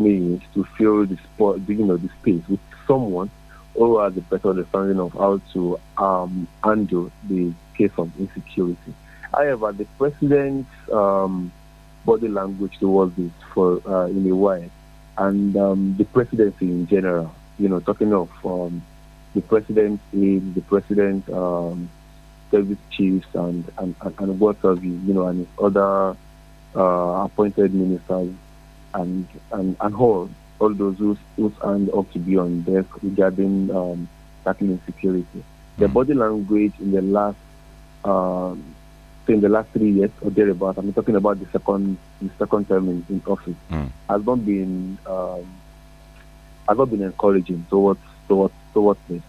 means to fill the spot, you know, the space with someone who has a better understanding of how to um, handle the case of insecurity. However, the president's um, body language towards this for uh, in a while, and um, the presidency in general, you know, talking of um, the president, the president, um, service chiefs, and, and, and, and what have you, you know, and his other uh, appointed ministers and and, and all all those who who stand up to be on deck regarding um, tackling insecurity. The hmm. body language in the last um, in the last three years or thereabout, I'm talking about the second the second term in, in office, mm. has not been um, has not been encouraging towards towards towards this.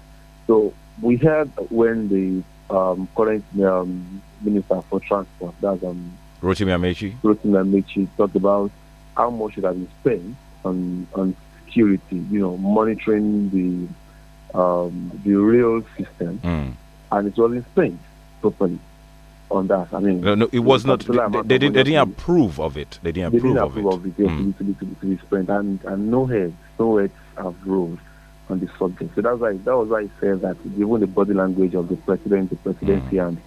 So we heard when the um, current um, minister for transport, that's um, Rotimi Amechi, Rotimi Amechi, talked about how much should have been spent on on security, you know, monitoring the um, the rail system, mm. and it wasn't spent properly on that. I mean, no, no it was not. They, they, did, they didn't approve of it. They didn't approve, they didn't approve of it. Of it. Mm. To, be, to, be, to be spent, and and no heads, no heads have ruled on this subject. So that's why that was why I said that given the body language of the president, the presidency, mm. and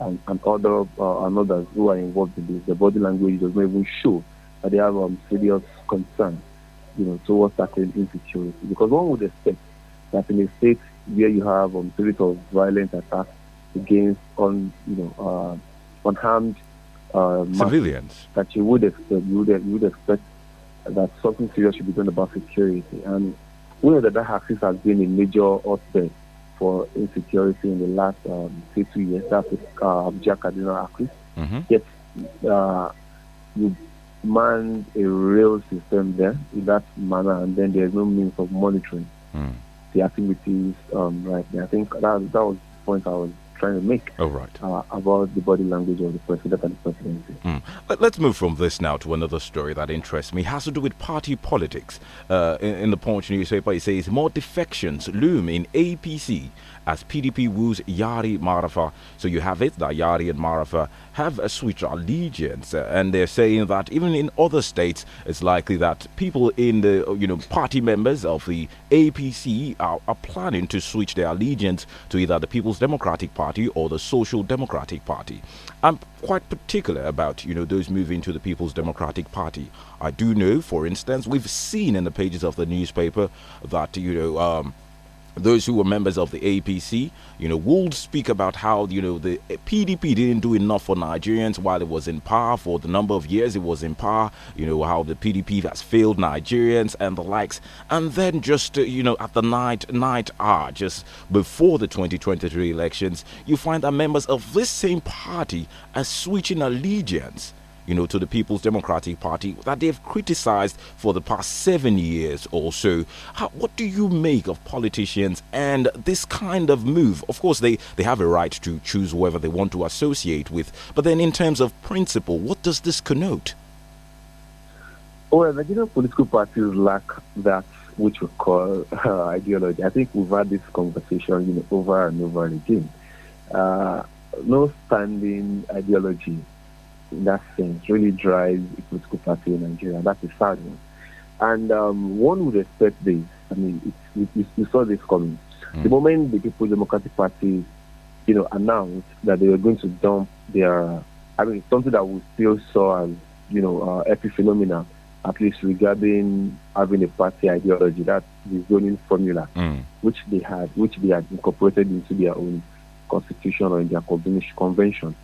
and, and other uh, and others who are involved in this, the body language does not even show that they have um, serious concerns, you know, towards tackling insecurity. Because one would expect that in a state where you have um, spirit of violent attacks against on you know uh, unharmed uh, civilians, that you would expect you would, you would expect that something serious should be done about security. And we know that that axis has been a major hotbed for insecurity in the last um, say two years. That's uh, Jack Cardinal axis. Mm-hmm. Yet uh, you man a real system there in that manner, and then there's no means of monitoring mm. the activities um, right there. I think that, that was the point I was trying to make oh, right. Uh, about the body language of the president and the presidency. Mm. Let's move from this now to another story that interests me. It has to do with party politics. Uh, in, in, the Punch newspaper, it says more defections loom in APC as PDP woos Yari Marafa. So you have it that Yari and Marafa have a switch allegiance, uh, and they're saying that even in other states, it's likely that people in the you know party members of the APC are, are planning to switch their allegiance to either the People's Democratic Party or the Social Democratic Party. I'm quite particular about you know those moving to the People's Democratic Party. I do know, for instance, we've seen in the pages of the newspaper that you know. Um, those who were members of the APC, you know, would speak about how, you know, the PDP didn't do enough for Nigerians while it was in power for the number of years it was in power, you know, how the PDP has failed Nigerians and the likes. And then just, uh, you know, at the night, night hour, just before the 2023 elections, you find that members of this same party are switching allegiance you know, to the People's Democratic Party that they've criticized for the past seven years or so. How, what do you make of politicians and this kind of move? Of course, they, they have a right to choose whoever they want to associate with, but then in terms of principle, what does this connote? Well, Nigerian political parties lack that which we call uh, ideology. I think we've had this conversation you know, over and over again. Uh, no standing ideology in that sense really drives the political party in Nigeria. That's a sad one. And um, one would expect this. I mean, it, you, you, saw this coming. Mm. The moment the People's Democratic Party, you know, announced that they were going to dump their, I mean, something that we still saw as, you know, uh, epiphenomena, at least regarding having a party ideology, that the zoning formula, mm. which they had, which they had incorporated into their own constitution or in their convention.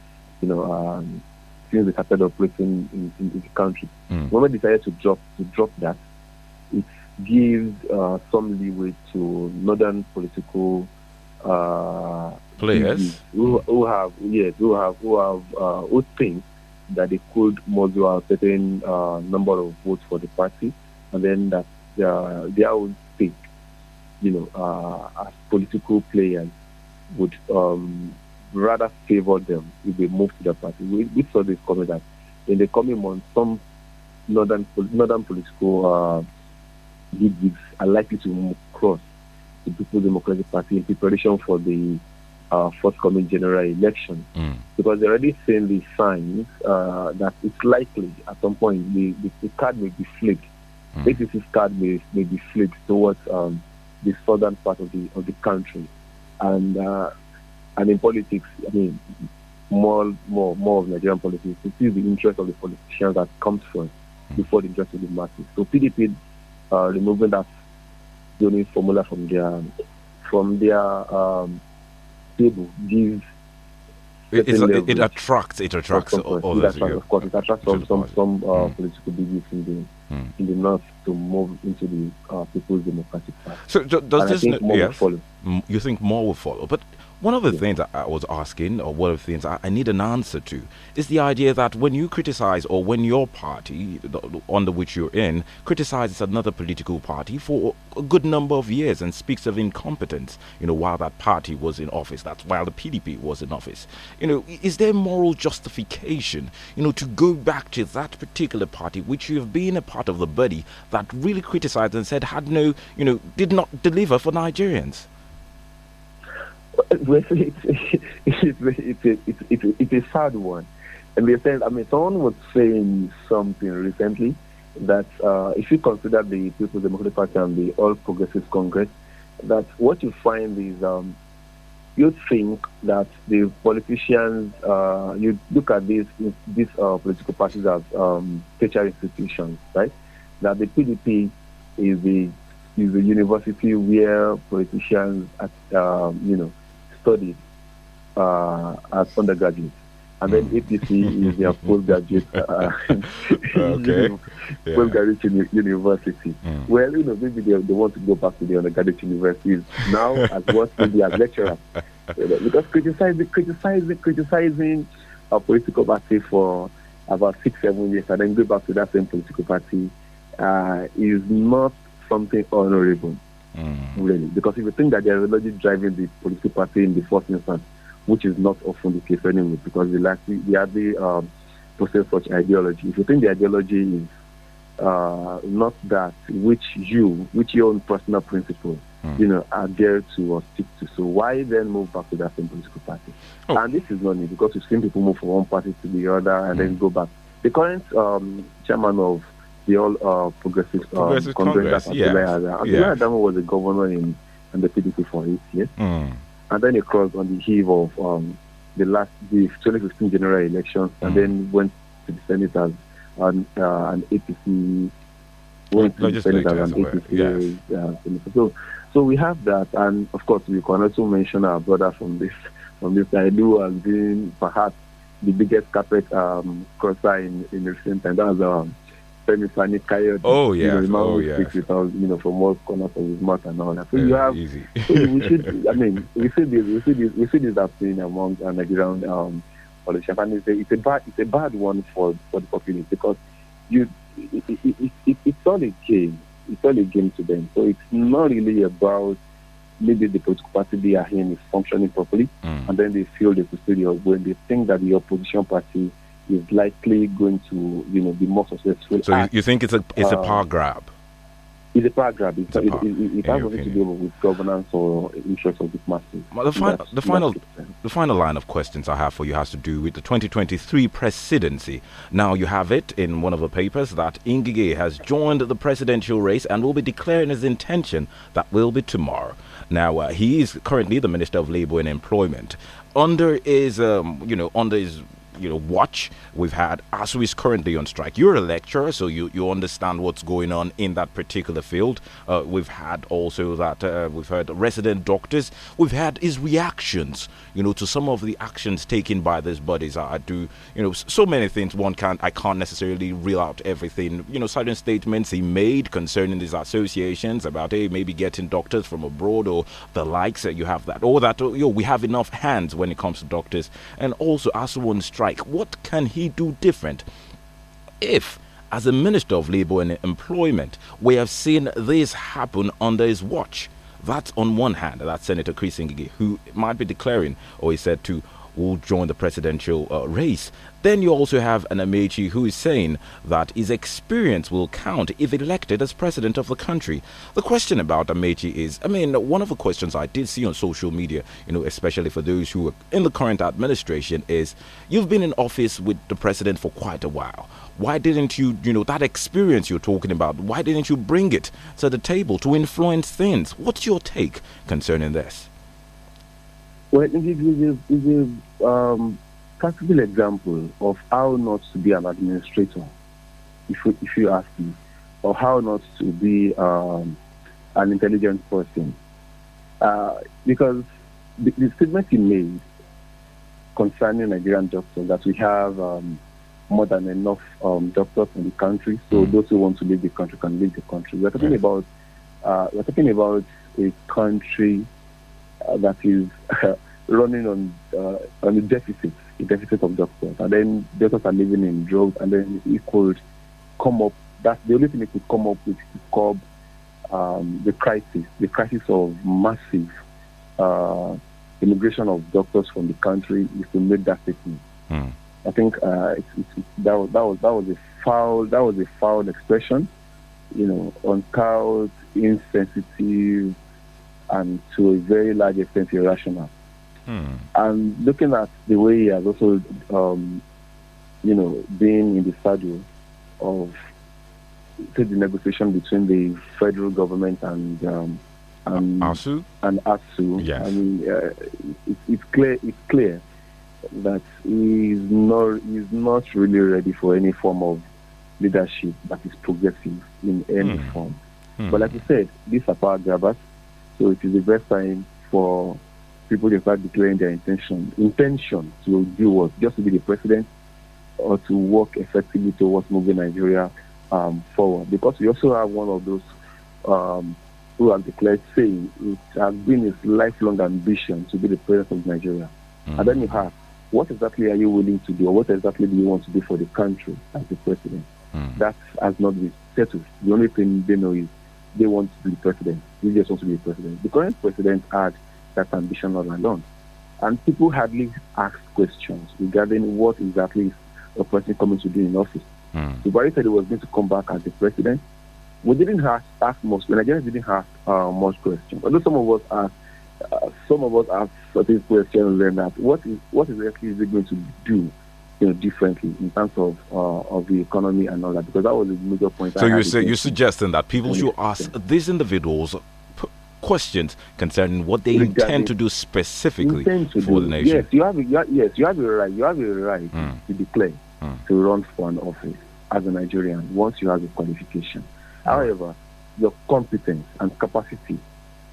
You know, um, since we started operating in, in, in the country. Mm. When we decided to drop to drop that, it gives uh, some leeway to northern political uh, players who, mm. who have yes who have who have uh, who think that they could mobilise a certain uh, number of votes for the party, and then that uh, their own think, you know, uh, as political players would um, rather favor them if they move to the party. We, we saw this coming that in the coming months, some northern northern political uh, are likely to cross the People's Democratic Party in preparation for the uh, forthcoming general election mm. because they're already seeing the signs uh, that it's likely at some point the, the, the card may be flipped. Mm. card may, may be flipped towards um, the southern part of the of the country, and uh, and in politics, I mean, more, more, more of Nigerian politics, it is the interest of the politicians that comes first hmm. before the interest of the masses. So PDP uh, removing that zoning formula from their from their um, table gives. It, it, it attracts. It attracts. All, of course, it attracts some some, some uh, mm. political beliefs in the mm. in the north to move into the uh, People's Democratic Party. So does and this? I think more yes. will follow. You think more will follow, but one of the things I was asking, or one of the things I need an answer to, is the idea that when you criticize, or when your party, under which you're in, criticizes another political party for a good number of years and speaks of incompetence, you know, while that party was in office, that's while the PDP was in office, you know, is there moral justification, you know, to go back to that particular party which you have been a part of the body that really criticized and said had no, you know, did not deliver for Nigerians? Well, it's, it's, it's, a, it's, it's, it's a sad one. And they said, I mean, someone was saying something recently that uh, if you consider the People's Democratic Party and the All Progressives Congress, that what you find is um, you think that the politicians, uh, you look at these these uh, political parties as um, teacher institutions, right? That the PDP is the is the university where politicians, at, um, you know, studied uh, as undergraduates. And then hmm. APC is their postgraduate, uh, uh okay. yeah. uni university. Mm. Well, you know, maybe they, they want to go back to the undergraduate universities now as what maybe as lecturers. You know, because criticizing, criticizing, criticizing a political party for about six, seven years and then go back to that same political party uh, is not something honorable mm. really. Because if you think that they are already driving the political party in the first instance, which is not often the case anymore, because they likely they the um, possess such ideology. If you think the ideology is uh, not that which you, which your own personal principle, mm. you know, adhere to or stick to. So why then move back to that same political party? Oh. And this is not new because we've seen people move from one party to the other and mm. then go back. The current um, chairman of the all uh, progressive, um, progressive Congress. Congress yeah. Uh, Abdullah yeah. Adamo was the governor in, and the PDP for eight years. Mm. And then he crossed on the eve of um, the last, the twenty sixteen general election, mm. and hmm. then went to the Senate as an, uh, an APC. Went to the Senate as an APC. Yes. Uh, so, so we have that, and of course, we can also mention our brother from this from this I who has been perhaps the biggest carpet um, crosser in, in recent times. That was um, Coyote. Oh yeah, you know, the man oh yeah. Speaks without you know from all corners of his mouth and all that. So yeah, you have. Easy. we should. I mean, we see this. We see this. We see this happening among underground um, politicians, and it's a, it's a bad. It's a bad one for for the populace because you. It, it, it, it, it's all a game. It's all a game to them. So it's not really about maybe the political party they are in is functioning properly, mm. and then they feel they could still when they think that the opposition party is likely going to you know be more successful. So at, you think it's a it's a power um, grab? It's a power grab. It's, it's, a power, it, it, it has nothing to do with governance or interest of the masses. The, fi- the final, the final line of questions I have for you has to do with the 2023 presidency. Now you have it in one of the papers that Ingige has joined the presidential race and will be declaring his intention. That will be tomorrow. Now uh, he is currently the minister of labor and employment. Under his, um, you know, under his you know watch. We've had ASU is currently on strike. You're a lecturer, so you you understand what's going on in that particular field. Uh, we've had also that uh, we've heard resident doctors. We've had his reactions, you know, to some of the actions taken by these bodies. I do, you know, so many things. One can't I can't necessarily reel out everything. You know, certain statements he made concerning these associations about hey maybe getting doctors from abroad or the likes. That uh, you have that all that. Uh, you know, we have enough hands when it comes to doctors, and also ASU on strike like? What can he do different? If as a Minister of Labour and Employment, we have seen this happen under his watch. That's on one hand, that's Senator Chris Ngige, who might be declaring, or he said to will join the presidential uh, race. Then you also have an Amechi who is saying that his experience will count if elected as president of the country. The question about Amechi is, I mean, one of the questions I did see on social media, you know, especially for those who are in the current administration, is you've been in office with the president for quite a while. Why didn't you, you know, that experience you're talking about, why didn't you bring it to the table to influence things? What's your take concerning this? Well, it is a, a um, practical example of how not to be an administrator, if you, if you ask me, or how not to be um, an intelligent person. Uh, because the, the, statement he made concerning Nigerian doctors that we have um, more than enough um, doctors in the country, so mm. those who want to leave the country can leave the country. We're talking yes. about uh, we're talking about a country uh, that is running on uh, on a deficit, a deficit of doctors, and then doctors are living in drugs, and then it could come up. That's the only thing it could come up with to curb um, the crisis, the crisis of massive uh, immigration of doctors from the country is to make that statement. Mm. I think uh, that, was, that was that was a foul that was a foul expression, you know, uncouth, insensitive, and to a very large extent irrational. Hmm. And looking at the way he has also, um, you know, been in the saddle of the negotiation between the federal government and um, and ASU, and ASU. Yes. I mean, uh, it, it's clear. It's clear that he's not he's not really ready for any form of leadership that is progressive in any hmm. form. Hmm. But like you said, these are power grabbers so it is the best time for people to start declaring their intention, intention to do what? Just to be the president or to work effectively towards moving Nigeria um, forward. Because we also have one of those um, who have declared saying it has been his lifelong ambition to be the president of Nigeria. mm And then you have, what exactly are you willing to do or what exactly do you want to do for the country as the president? mm That has not been settled. The only thing they know is they want to be president. They just want to be president. The current president had that ambition all along. And people hardly ask questions regarding what exactly a person coming to do in office. Mm. Buhari said he was going to come back as the president. We didn't ask, ask most, the Nigerians didn't ask uh, much questions. Although some of us asked, uh, some of us asked certain questions and that what is what exactly is he going to do you know, differently in terms of uh, of the economy and all that because that was the major point. So you say you're suggesting that people should ask these individuals questions concerning what they intend to do specifically to for do. the nation. Yes, you have a, you have, yes, you have a right. You have a right mm. to declare mm. to run for an office as a Nigerian once you have the qualification. Mm. However, your competence and capacity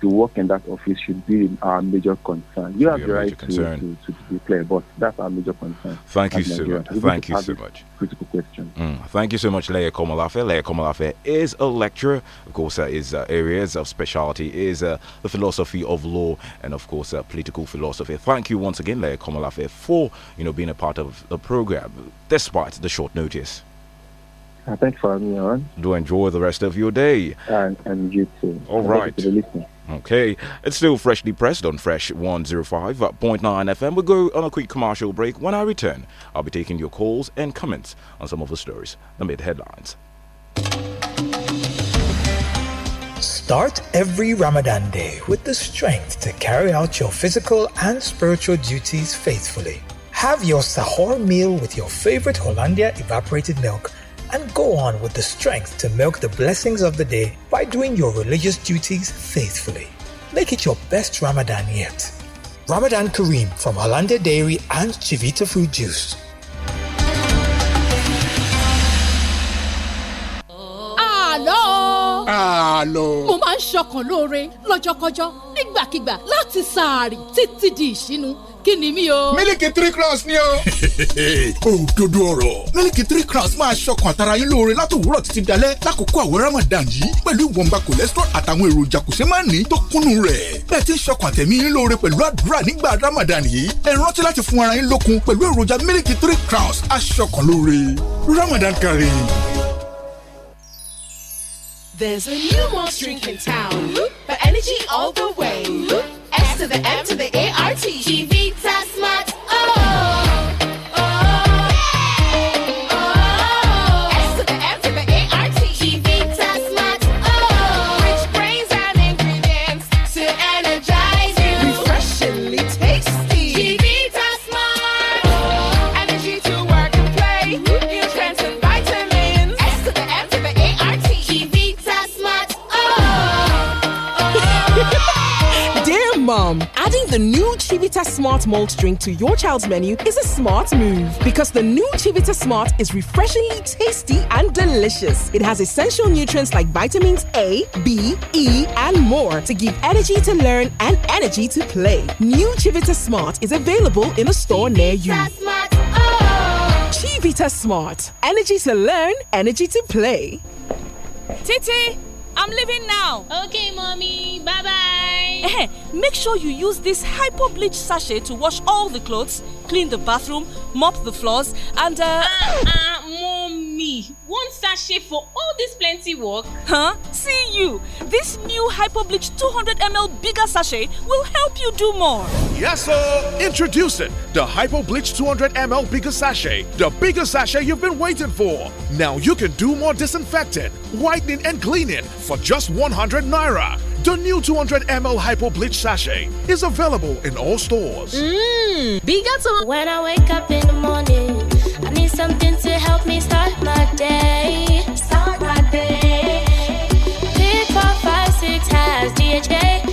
to work in that office should be our major concern. You have the right to, to, to, declare, but that's our major concern. Thank you so much. Thank you so much. Critical question. Mm. Thank you so much, Leia Komalafe. Leia Komalafe is a lecturer. Of course, uh, his uh, areas of specialty is uh, the philosophy of law and, of course, uh, political philosophy. Thank you once again, Leia Komalafe, for you know being a part of the program despite the short notice. Uh, thanks for having me on. Do enjoy the rest of your day. And, and you too. All right. Okay, it's still freshly pressed on Fresh 105.9 FM. We'll go on a quick commercial break. When I return, I'll be taking your calls and comments on some of the stories that made headlines. Start every Ramadan day with the strength to carry out your physical and spiritual duties faithfully. Have your sahur meal with your favorite Hollandia evaporated milk and go on with the strength to milk the blessings of the day by doing your religious duties faithfully. Make it your best Ramadan yet. Ramadan Kareem from Hollander Dairy and Chivita Fruit Juice. àlọ́. mo máa ń ṣọkàn lóore lọ́jọ́kọ́jọ́ nígbàkigbà láti sàárì títí di ìṣínú kí ni mí o. mílìkì three crowns ni o. òdodo ọ̀rọ̀ mílìkì three crowns máa ṣọkàn àtàrà yín lóore látòwúrọ̀ títí dalẹ́ lákòókò àwẹ̀ ramadan yìí pẹ̀lú ìwọ̀nba cholesterol àtàwọn èròjà kò ṣe máa ní tó kúnnú rẹ̀. bẹ́ẹ̀ ti ń ṣọkàn àtẹ̀mí yín lóore pẹ̀lú àdúrà nígbà ramadan yìí ẹ rántí láti fún ara yín lókun pẹ̀lú èròjà mílìkì three crowns aṣọkàn lóore ramadan kari. There's a new monster drink in town, but energy all the way. S to the M to the A R T G V. mom. Adding the new Chivita Smart Malt drink to your child's menu is a smart move because the new Chivita Smart is refreshingly tasty and delicious. It has essential nutrients like vitamins A, B, E, and more to give energy to learn and energy to play. New Chivita Smart is available in a store near you. Smart. Oh! Chivita Smart. Energy to learn, energy to play. Titi! I'm leaving now. Okay, mommy. Bye bye. Eh, make sure you use this hypo bleach sachet to wash all the clothes, clean the bathroom, mop the floors, and uh. uh, uh One sachet for all this plenty work? Huh? See you! This new Hyperbleach 200ml bigger sachet will help you do more. Yes, sir! Introducing the Hyperbleach 200ml bigger sachet, the bigger sachet you've been waiting for. Now you can do more disinfecting, whitening, and cleaning for just 100 naira. The new 200 ml Hypo Sachet is available in all stores. Mmm, bigger to when I wake up in the morning something to help me start my day. Start my day. Pick four, five, six has DHA.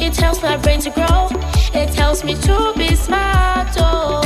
It helps my brain to grow. It helps me to be smart. Oh.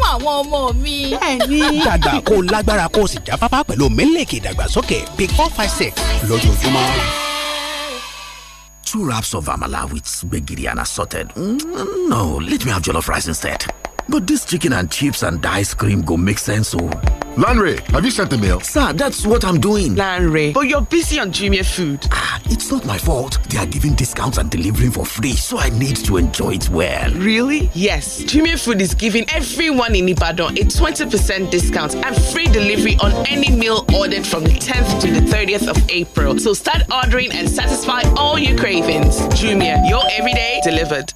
fún àwọn ọmọ mi. bẹ́ẹ̀ni. dàgbà kó lágbára kó sì jáfáfá pẹ̀lú mílíkì ìdàgbàsókè big four five six lójoojúmọ́. Two wraps of amala with gbegiri and assorted. Mm, no, let me have jollof rice instead. But this chicken and chips and ice cream go make sense, oh. Lanre, have you sent the mail? Sir, that's what I'm doing. Lanre, but you're busy on Jumia Food. Ah, it's not my fault. They are giving discounts and delivering for free, so I need to enjoy it well. Really? Yes. Jumia Food is giving everyone in Ibadan a 20% discount and free delivery on any meal ordered from the 10th to the 30th of April. So start ordering and satisfy all your cravings. Jumia, your everyday delivered.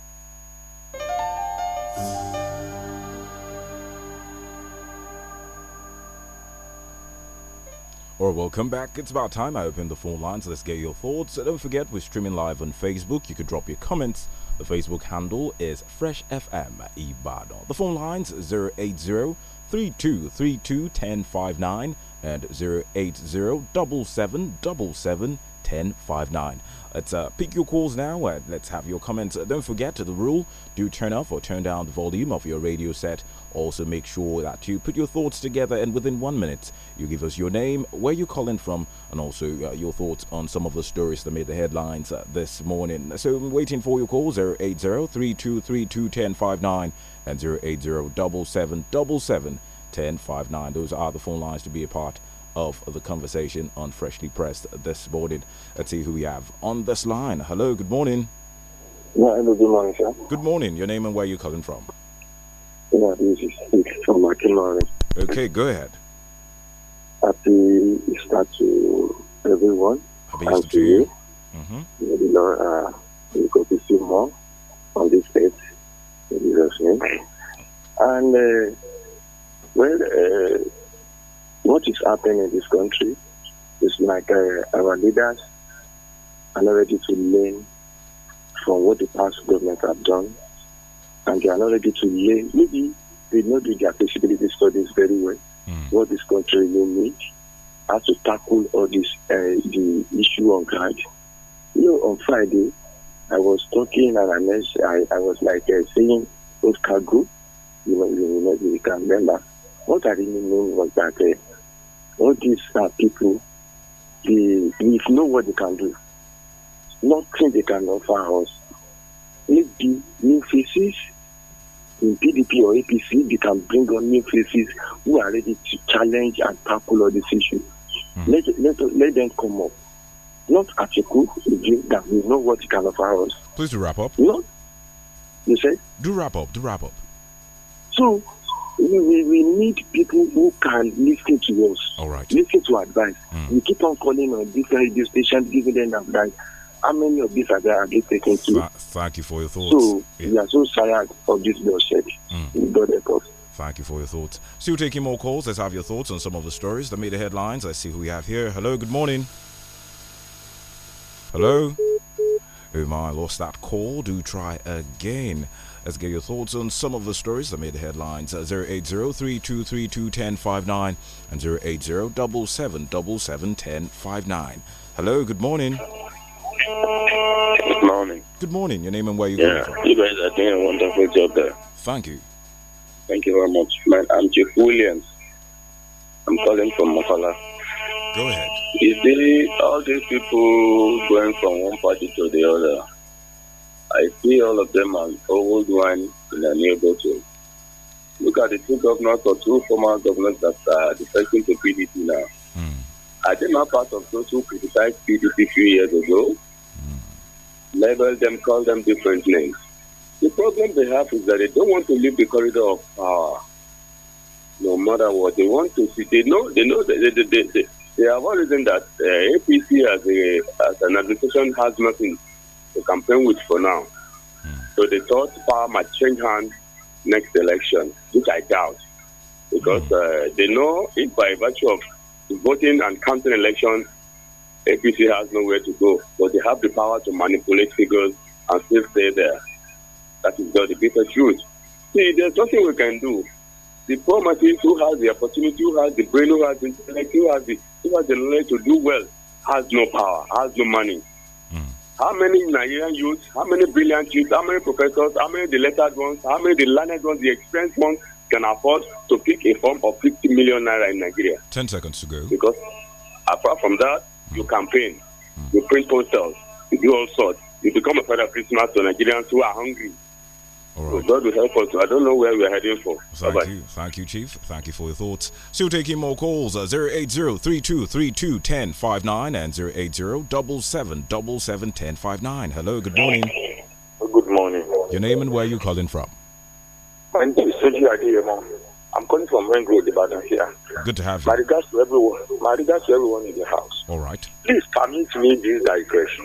Alright, welcome back. It's about time I opened the phone lines. Let's get your thoughts. Don't forget, we're streaming live on Facebook. You could drop your comments. The Facebook handle is Fresh FM Ibadan. The phone lines 080 and 080 777 1059. Let's uh, pick your calls now and let's have your comments. Don't forget the rule do turn off or turn down the volume of your radio set. Also, make sure that you put your thoughts together and within one minute, you give us your name, where you're calling from, and also uh, your thoughts on some of the stories that made the headlines uh, this morning. So, I'm waiting for your calls 080 3232 and 080 777 1059. Those are the phone lines to be a part of the conversation on Freshly Pressed this morning. Let's see who we have on this line. Hello, good morning. Yeah, hello, good morning, sir. Good morning. Your name and where you calling from? Yeah, this is from Akinlari. Okay, go ahead. Happy Easter to everyone. Happy Easter to you. Mm-hmm. uh, we go to see more on this page. In Jesus' name. And, uh, well, uh, what is happening in this country is like uh, our leaders are not ready to learn from what the past government have done, and they are not ready to learn. Maybe they know the accessibility studies very well, mm. what this country will need, how to tackle all this uh, the issue on ground. You know, on Friday, I was talking and I, mentioned, I, I was like uh, saying, Oscar Group, you know, you, know, you can remember. What I really mean was that. Uh, all these uh, people, they, we know what they can do. Nothing they can offer us. Maybe new faces in PDP or APC, they can bring on new faces who are ready to challenge and tackle all these issues. Mm. Let, let, let them come up. Not Acheku, that we know what he can offer us. Please do wrap up. No, you say? Do wrap up, do wrap up. So, we, we, we need people who can listen to us. All right. Listen to advice. Mm. We keep on calling on different radio stations, giving them advice. How many of these are they, are taking to? thank you for your thoughts. So yeah. we are so tired of this bullshit. Mm. God help us. Thank you for your thoughts. Still taking more calls. Let's have your thoughts on some of the stories that made the headlines. Let's see who we have here. Hello, good morning. Hello? Oh my, I lost that call. Do try again. Let's get your thoughts on some of the stories that made the headlines 080-323-21059 and 080-777-1059. Hello, good morning. Good morning. Good morning. Your name and where you yeah, from? You guys are doing a wonderful job there. Thank you. Thank you very much. Man, I'm Jeff Williams. I'm calling from Mafala. Go ahead. You see, all these people going from one party to the other I see all of them as old wine in a new bottle. Look at the two governors or two former governors that are defecting to PDP now. Mm. Are they not part of those who criticized PDP a few years ago? Mm. Label them, call them different names. The problem they have is that they don't want to leave the corridor of power. No matter what they want to see, they know they know they, they, they, they, they have a reason that uh, APC as, a, as an administration has nothing to campaign with for now. Hmm. So they thought power might change hands next election, which I doubt, because hmm. uh, they know if by virtue of voting and counting election, APC has nowhere to go, but they have the power to manipulate figures and still stay there. That is the bitter truth. See, there's nothing we can do. The promoters who has the opportunity, who has the brain, who has the intellect, who has the, who has the knowledge to do well, has no power, has no money. How many Nigerian youth, how many brilliant youth, how many professors, how many the lettered ones, how many the learned ones, the experienced ones can afford to pick a form of 50 million naira in Nigeria? 10 seconds to go. Because apart from that, you hmm. campaign, you hmm. print posters, you do all sorts. You become a father of Christmas to Nigerians who are hungry God will help us. I don't know where we're heading for. Thank Bye -bye. you. Thank you, Chief. Thank you for your thoughts. Still taking more calls at uh, 080-3232-1059 and 080-777-1059. Hello, good morning. Good morning. Your name and where are you calling from? My name is I'm calling from Ring Road, Ibadan here. Good to have you. My regards to everyone. My regards to everyone in the house. All right. Please permit me this digression.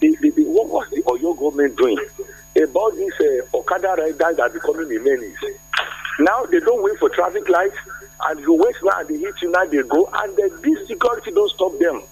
The, the, the, what was the Oyo government doing about this uh, Okada riders that are becoming a menace. Now they don't wait for traffic lights, and you wait now and they hit you now they go, and the, this security don't stop them.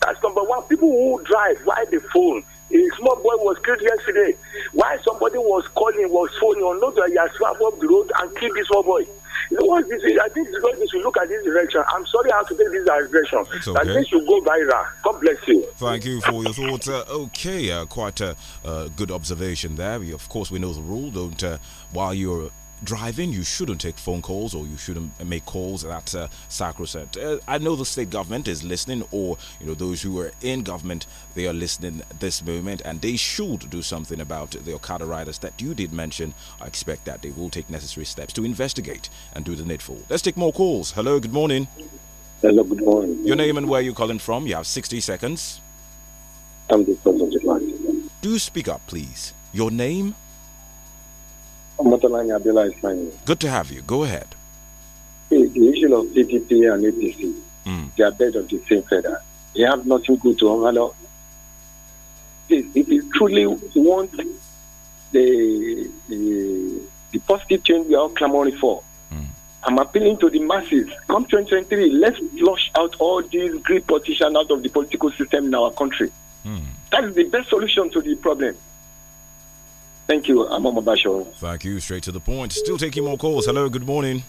That's number one. People who drive, why they phone? A small boy was killed yesterday. Why somebody was calling, was phoning, You know that uh, he has traveled up the road and killed this small boy. This is I think should look at this direction. I'm sorry I have to take this direction. It's okay. That this should go viral. God bless you. Thank you for your thoughts. Uh, okay, uh, quite a uh, good observation there. We, of course, we know the rule. Don't, uh, while you're driving, you shouldn't take phone calls or you shouldn't make calls. That's uh, sacrosanct. Uh, I know the state government is listening, or you know those who are in government, they are listening this moment, and they should do something about the Okada riders that you did mention. I expect that they will take necessary steps to investigate and do the needful. Let's take more calls. Hello, good morning. Hello, good morning. Your name and where you calling from? You have 60 seconds. I'm the Do speak up, please. Your name is my name. Good to have you. Go ahead. The, the issue of PDP and APC, mm. they are dead of the same feather. They have nothing good to offer. If you truly want the, the, the positive change we are all clamoring for, mm. I'm appealing to the masses. Come 2023, let's flush out all these great politicians out of the political system in our country. Mm. That is the best solution to the problem. Thank you. I'm on Basho. Thank you. Straight to the point. Still taking more calls. Hello. Good morning.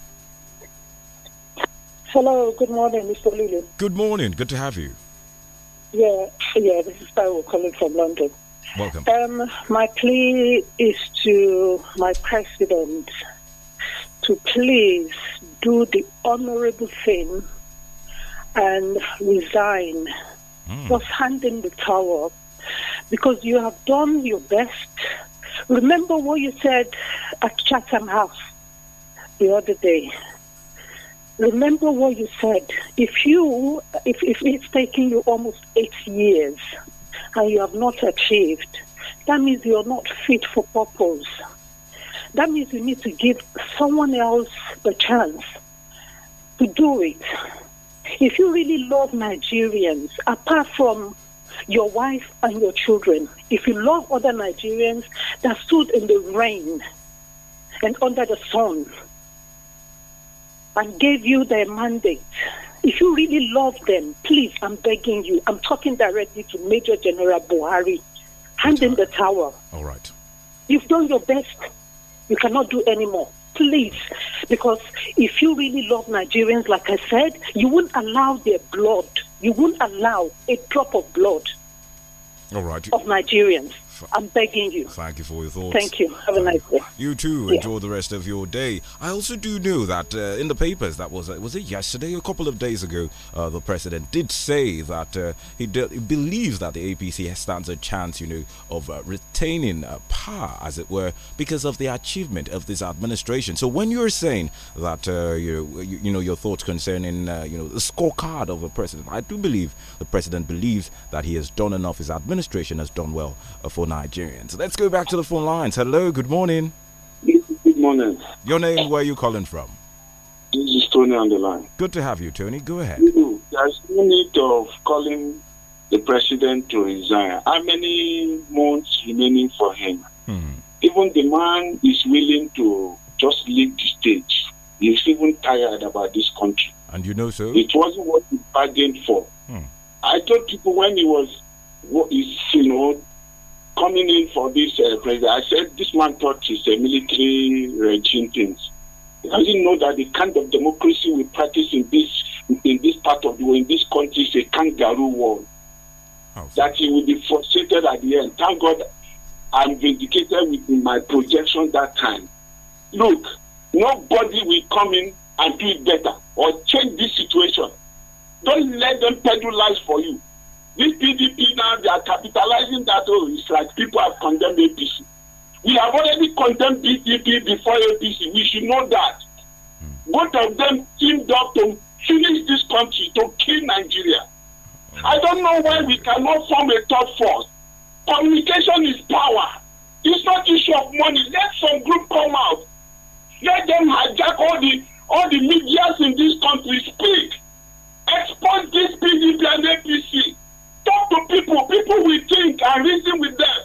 Hello. Good morning, Mr. Lulu. Good morning. Good to have you. Yeah. Yeah. This is Taiwo calling from London. Welcome. Um, my plea is to my president to please do the honorable thing and resign. Mm. Just hand in the tower because you have done your best Remember what you said at Chatham House the other day. Remember what you said. If you, if, if it's taking you almost eight years and you have not achieved, that means you're not fit for purpose. That means you need to give someone else the chance to do it. If you really love Nigerians, apart from your wife and your children. If you love other Nigerians that stood in the rain and under the sun and gave you their mandate, if you really love them, please, I'm begging you, I'm talking directly to Major General Buhari, hand in the towel. All right. You've done your best. You cannot do any more please, because if you really love Nigerians, like I said, you won't allow their blood you won't allow a drop of blood All right. of Nigerians I'm begging you. Thank you for your thoughts. Thank you. Have Thank a nice day. You too. Yeah. Enjoy the rest of your day. I also do know that uh, in the papers that was uh, was it yesterday, a couple of days ago, uh, the president did say that uh, he, he, believes that the APC stands a chance, you know, of uh, retaining uh, power, as it were, because of the achievement of this administration. So when you're saying that, you, you, you know, your thoughts concerning, you know, the scorecard of the president, I do believe the president believes that he has done enough. His administration has done well for Nigerians. Let's go back to the phone lines. Hello, good morning. Good morning. Your name, where are you calling from? This is Tony on the line. Good to have you, Tony. Go ahead. There's no need of calling the president to resign. How many months remaining for him? Hmm. Even the man is willing to just leave the state. He's even tired about this country. And you know so? It wasn't what he bargained for. Hmm. I told people when he was, what is, you know, coming in for this uh, president, I said this man thought it's a military regime things. He doesn't know that the kind of democracy we practice in this in this part of the world, in this country, is a kangaroo world. Oh. That he will be frustrated at the end. Thank God I'm vindicated with my projection that time. Look, nobody will come in and do it better or change this situation. Don't let them peddle lies for you. This PDP now, they are capitalizing that, oh, it's like people have condemned APC. We have already condemned PDP before APC. We should know that. Hmm. Both of them teamed up to finish this country, to kill Nigeria. I don't know why we cannot form a top force. Communication is power. It's not issue of money. Let some group come out. Let them hijack all the all the medias in this country. Speak. Expose this PDP and APC talk to people, people will think and reason with them.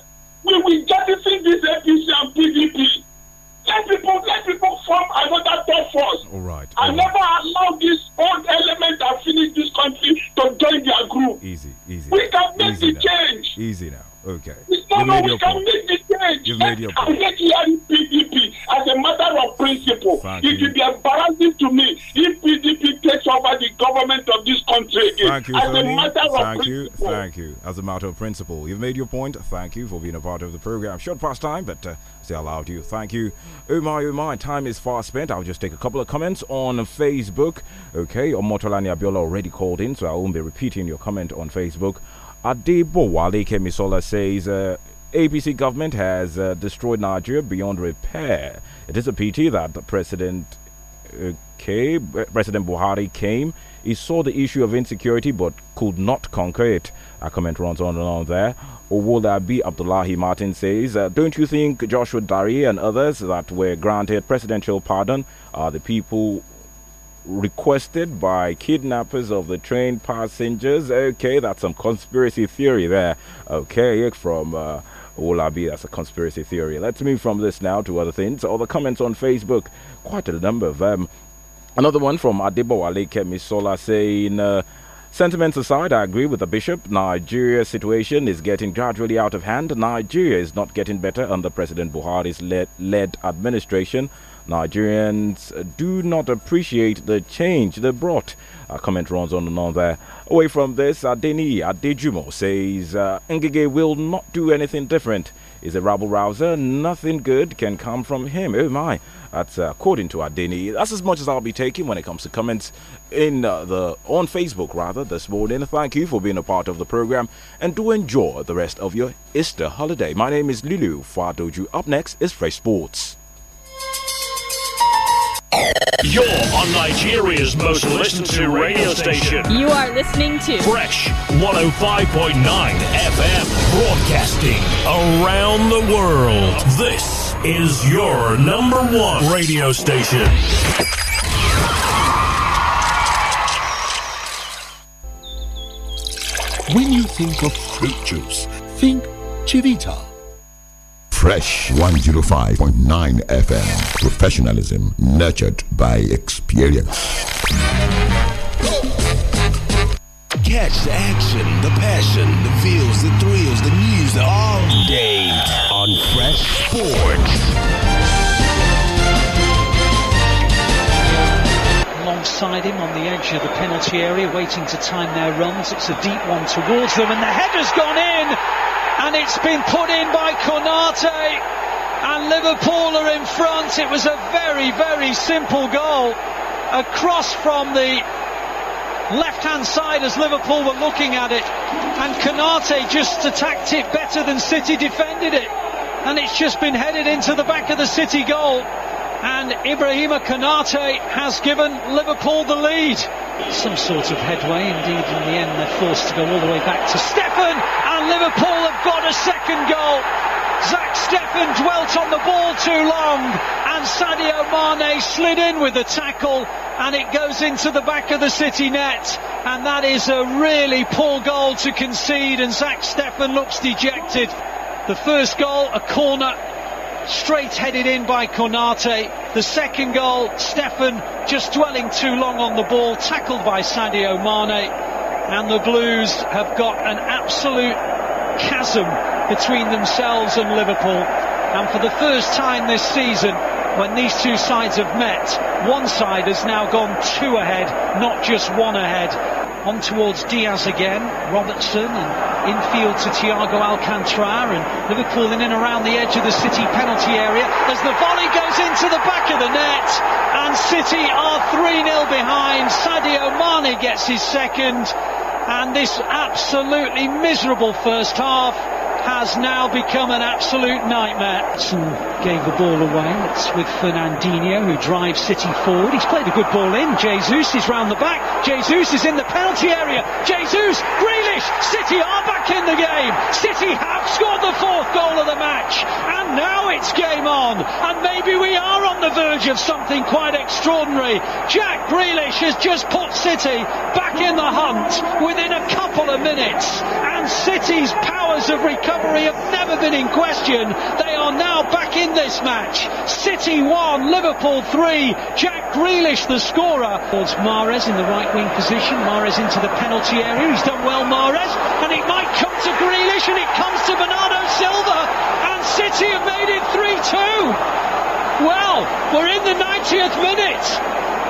We will jettison this APC and PDP. Let people, let people form another thought force. All right. All right. never allow this old element that finish this country to join their group. Easy, easy. We can make easy the now. change. Easy now. Okay. no, we can point. make the change. You've made your point. I PDP as a matter of principle. Thank it you. will be embarrassing to me if PDP country Thank you, As Tony. a matter of Thank principle. you. Thank you. As a matter of principle, you've made your point. Thank you for being a part of the program. Short past time, but uh, still allowed you. Thank you. Oh my, time is far spent. I'll just take a couple of comments on Facebook. Okay, Omotolani Abiola already called in, so I won't be repeating your comment on Facebook. Adebowale Kemisola says, uh, ABC government has uh, destroyed Nigeria beyond repair. It is a pity that President okay, uh, uh, President Buhari came he saw the issue of insecurity but could not conquer it. A comment runs on and on there. Or will be Abdullahi Martin says, uh, Don't you think Joshua Dari and others that were granted presidential pardon are the people requested by kidnappers of the train passengers? Okay, that's some conspiracy theory there. Okay, from. Uh, Olabi. That's a conspiracy theory. Let's move from this now to other things. All the comments on Facebook, quite a number of them. Another one from Adebowale Kemisola saying, uh, Sentiments aside, I agree with the bishop. Nigeria's situation is getting gradually out of hand. Nigeria is not getting better under President Buhari's led, led administration. Nigerians do not appreciate the change they brought. A comment runs on and on there. Away from this, Adeni Adejumo says uh, Ngige will not do anything different is a rabble rouser. Nothing good can come from him. Oh my. That's uh, according to Adini. That's as much as I'll be taking when it comes to comments in uh, the on Facebook rather this morning. Thank you for being a part of the program and do enjoy the rest of your Easter holiday. My name is Lulu Fadoju. Up next is Fresh Sports. You're on Nigeria's most listened to radio station. You are listening to Fresh 105.9 FM, broadcasting around the world. This is your number one radio station. When you think of fruit juice, think Chivita Fresh 105.9 FM. Professionalism nurtured by experience. Catch the action, the passion, the feels, the thrills, the news all day on Fresh Sports. alongside him on the edge of the penalty area, waiting to time their runs. It's a deep one towards them, and the header's gone in and it's been put in by Konate and Liverpool are in front. It was a very, very simple goal. A cross from the left-hand side as Liverpool were looking at it and Konate just attacked it better than City defended it and it's just been headed into the back of the City goal and Ibrahima Konate has given Liverpool the lead some sort of headway. Indeed, in the end, they're forced to go all the way back to Stefan, and Liverpool have got a second goal. Zach Stefan dwelt on the ball too long, and Sadio Mane slid in with the tackle, and it goes into the back of the City net. And that is a really poor goal to concede, and Zach Stefan looks dejected. The first goal, a corner straight headed in by Konate. The second goal, Stefan just dwelling too long on the ball, tackled by Sadio Mane. And the Blues have got an absolute chasm between themselves and Liverpool. And for the first time this season, when these two sides have met, one side has now gone two ahead, not just one ahead on towards Diaz again, Robertson, and infield to Thiago Alcantara, and Liverpool in and around the edge of the City penalty area as the volley goes into the back of the net, and City are 3-0 behind. Sadio Mane gets his second, and this absolutely miserable first half has now become an absolute nightmare. Gave the ball away. It's with Fernandinho who drives City forward. He's played a good ball in. Jesus is round the back. Jesus is in the penalty area. Jesus, Grealish, City are back in the game. City have scored the fourth goal of the match. And now it's game on. And maybe we are on the verge of something quite extraordinary. Jack Grealish has just put City back in the hunt within a couple of minutes. And City's powers of recovery recovery have never been in question. They are now back in this match. City 1, Liverpool 3. Jack Grealish, the scorer. Towards Mares in the right wing position. Mares into the penalty area. He's done well, Mares. And it might come to Grealish and it comes to Bernardo Silva. And City have made it 3 2. Well, we're in the 90th minute.